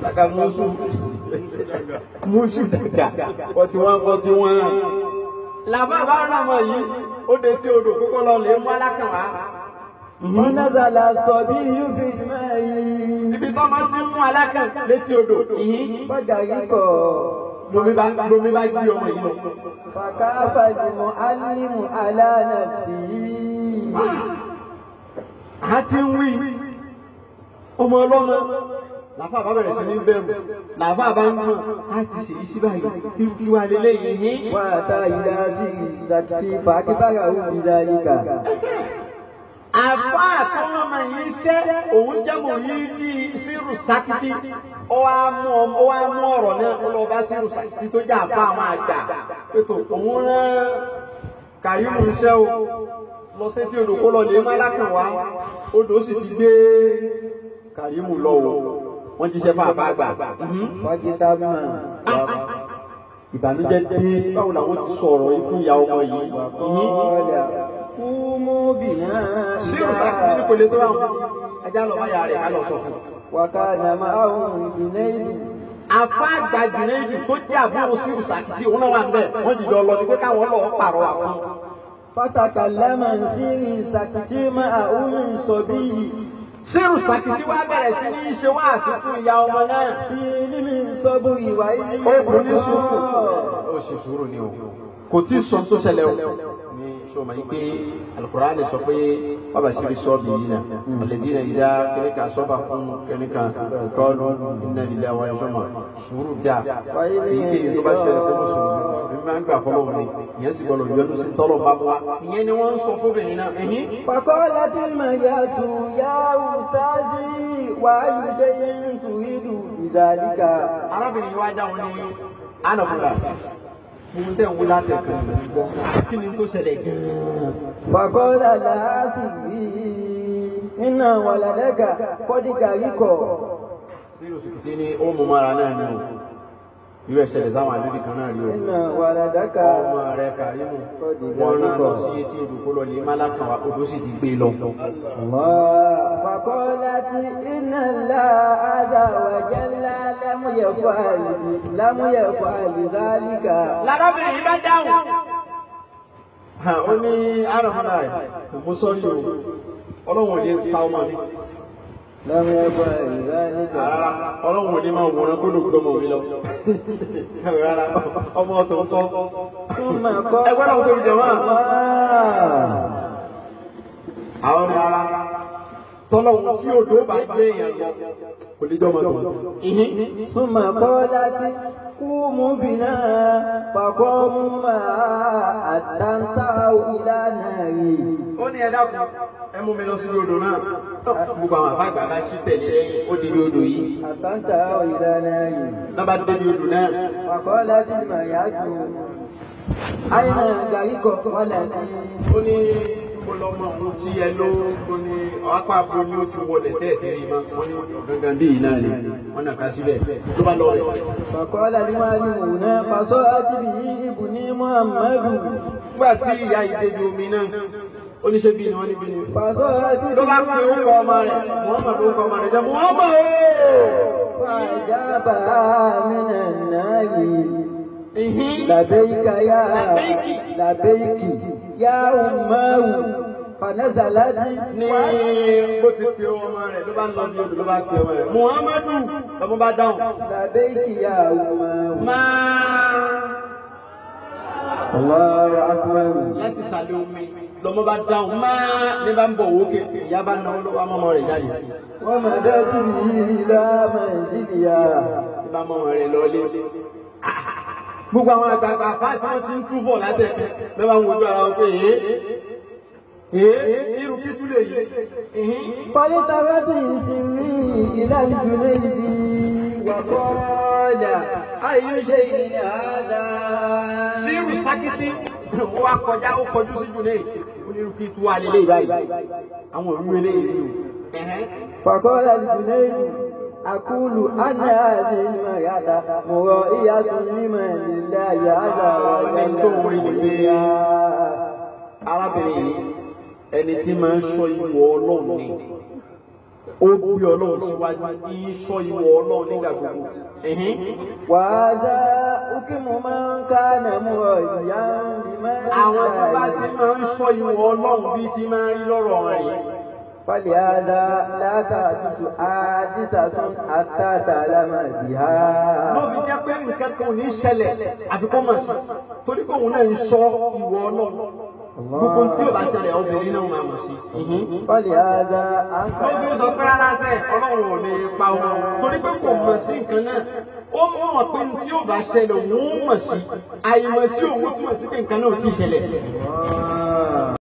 saka musu musu daga ọtí wọn ọtí wọn. làbá bá rán ọmọ yìí ó de tí odò púpọ̀ lọ lè mú alákàn wá. Mọ́nàzàlà hmm. sọ bí Yúfi máa yí. Ibi tó máa ti mú alákàn létí odò. Bọ́gà yìí kọ̀ lomi bá lomi bá gbé ọmọ yìí lọ. fàkàfà ni mo alimu alana tì í. a ti ń wí ọmọ ọlọ́mọ làbá bá bẹ̀rẹ̀ sí ní bẹ̀rù làbá bá ń mọ̀ á ti ṣe iṣẹ́ báyìí ibi wa lélẹ̀ yìí. wà á ta ìdásí ìṣàkíyí fàákìbára òbí dáríkà àfa àtọ́lọ́mọ yìí ṣe òun jẹ́mu yìí ní sírù sákìtì ó wá mú ó wá mú ọ̀rọ̀ náà ó lọ bá sírù sákìtì tó jẹ́ àfa àwọn àgbà pẹ̀tọ̀ òun rán kàrímù iṣẹ́ o lọ sétí odò kó lọ lè má lákàn wá odò sì ti gbé kàrímù lọ o wọ́n jíṣẹ́ fún àfa àgbà. Mhm. wọ́n jí tábìlì náà ah, ah, ah. ìbànújẹ́ dé báwo làwọn ti sọ̀rọ̀ yìí fún ìyá ọmọ yìí kú mú bìnà ìyá. ṣé o sáà kúndé kò lè tó àwọn ẹja lọ bá yàrá ìka lọ sọ fún. wàkà nàmà àwọn ìdílé ìlú. afa gbàgbìnrin ìlú tó jẹ́ àbúrò sírù sàkìtì òun náà wà níbẹ̀ wọ́n jìjọ lọ ní pé káwọn lọ pààrọ̀ àwọn. pátákà lẹ́mọ̀n sírì sàkìtì máa ń sọ bí yìí. sírù sàkìtì wá bẹ̀rẹ̀ sí ní í ṣe wá àṣì fún ìyá ọmọ náà. bí níbi ìsọ́bù ìwà yìí. ó kò ní sùúrù. ó ṣe sùúrù ni o kò tí ì sọ o sọmọ yìí pé alukóran lè sọ pé wàá bá síbi sọ bì yìí nà alẹ́dínà ìdá kẹ́míkà sọ́ba fún kẹ́míkà tọ́lú iná ìdá wa sọmọ sùúrù dà èyí kéde tó bá ṣẹlẹ̀ fún mùsùlùmí mi máa ń gbà fọlọ́ mi ìyẹn sì gbọ́dọ̀ yọnu sí tọ́lọ̀ bá wa ìyẹn ni wọ́n ń sọ fún bẹ̀yìn náà. pàkọ́ láti mọ̀ yàtù yá òṣáájì wàá yìí ṣe yẹn ń sùn ìdù ìzàlíkà. arábìnrin wa dáhùn ní ànàfọ̀dà gbogbo tẹ̀ ń wí látẹ̀kọ̀ ìgbọ́ kí ni tó ṣẹlẹ̀ gan-an. fàkọ́lá làásì yìí iná wàlàdẹ́gà kọ́díkà ríkọ̀. sí òsì kìíní ó mú mara náà ni irú ẹ̀ṣẹ̀lẹ̀ sáwọn àdúgbò kan náà rí o. ọmọ rẹ kàrímù wọn rán lọ sí etí olùkó lọ lè má odò sì ti gbé lọ. فقالت إن الله عز وجل لم يفعل لم يفعل ذلك. lárábìnrin yìí bá dáhùn. ó ní àrùn náà mo ò ní pa ọmọ mi lọ́mọ ẹ̀fọ́ ìrírá nígbà. rárá ọlọ́run ò ní máa wòran kó ló gbọmọ mi lọ. rárá ọmọ ọ̀tọ̀ ń kọ́. súnmọ́ ẹ̀kọ́ ẹ̀kọ́ náà kò tó jẹ̀ wọ́n. àwọn rárá tọ́lọ́wọ́ tí odò bá gbé yẹn lọ kò lè jọmọ tó. súnmọ́ kọ́lá sí kúmù bìnnà pàkọ́ mú máa àtàntà ìlànà rẹ̀. ó ní ẹ dákun ẹ mú mi lọ sí odò náà gbogbo àwọn àbágbà bá ṣí tẹ̀lé lẹ́yìn ó débi odò yìí. àtàntà ìlànà rẹ̀. lọ́ba débi odò náà. pàkọ́lá sí màyà jù. àyìnbá àgbà yìí kọ̀ wọ́n ó ní níbo limani òun ti adiri ló kún ní apá abo ni ó ti wọlé tẹ́ẹ̀tì rí ma wọ́n ní gangan bíi náà ni wọ́n nà ká síbẹ̀ tó bá ni muhammadu. nígbà tí ìyá ọmọ rẹ̀ muhammad orúkọ ọmọ rẹ̀ jẹ́ muhammad. fàjà bàá mi nà náà yìí. لبيك يا لبيك يا أمه fanazalati. ní bó ti pe ọmọ rẹ ló bá ń lọ ní odò ló bá pe ọmọ rẹ. muhammadu lọmọ bá dáhùn. làdé ìkìyà ọmọ. máa. Allahu akbar. láti sàlẹ̀ omi gbogbo àwọn àgbààgbà báyìí ti ń túbọ̀ látẹ̀kẹ́ lọ́wọ́ àwọn ojú ara wọn pé èé èé irú kí tún lè yí. pàdé ta rábìnrin sì ní ìlànà ìdílé ibi wàkọ́ọ̀dà àyùṣe ìlànà. ṣírù sákìtì wọ́n kọjá ó kọjú sí jùlẹ̀ onírú kí tún wà lélẹ̀ báyìí àwọn òrùlé yìí o. fàkọ́ọ̀dà ìdílé yìí. أقول أنا في المغادة مرائية لمن لله عز وجل arábìnrin yìí ẹni tí máa ń sọ ìwọ ọlọ́run ni ó bí ọlọ́run síwájú ní sọ ìwọ ọlọ́run nígbà gbogbo. wàhálà ukimu máa ń ká nàmú ọ̀yà. àwọn tí bá ti máa ń sọ ìwọ ọlọ́run bíi ti máa ń rí lọ́rọ̀ rẹ̀ yìí. فلهذا لا تحدث حادثة حتى تعلم بها. Mọ̀ mi jẹ́ pé nǹkan kan ò ní ṣẹlẹ̀ àfi kó mọ̀ sí. Torí pé òun náà ń sọ ìwọ ọlọ́run. Gbogbo tí yóò bá ṣẹlẹ̀ obìnrin náà máa mọ̀ sí. Fọlíhàdà àǹfà. Lójú ìdọ̀ pé rárá sẹ́, ọlọ́run ò lè pa ọmọ òun. Torí pé kò mọ̀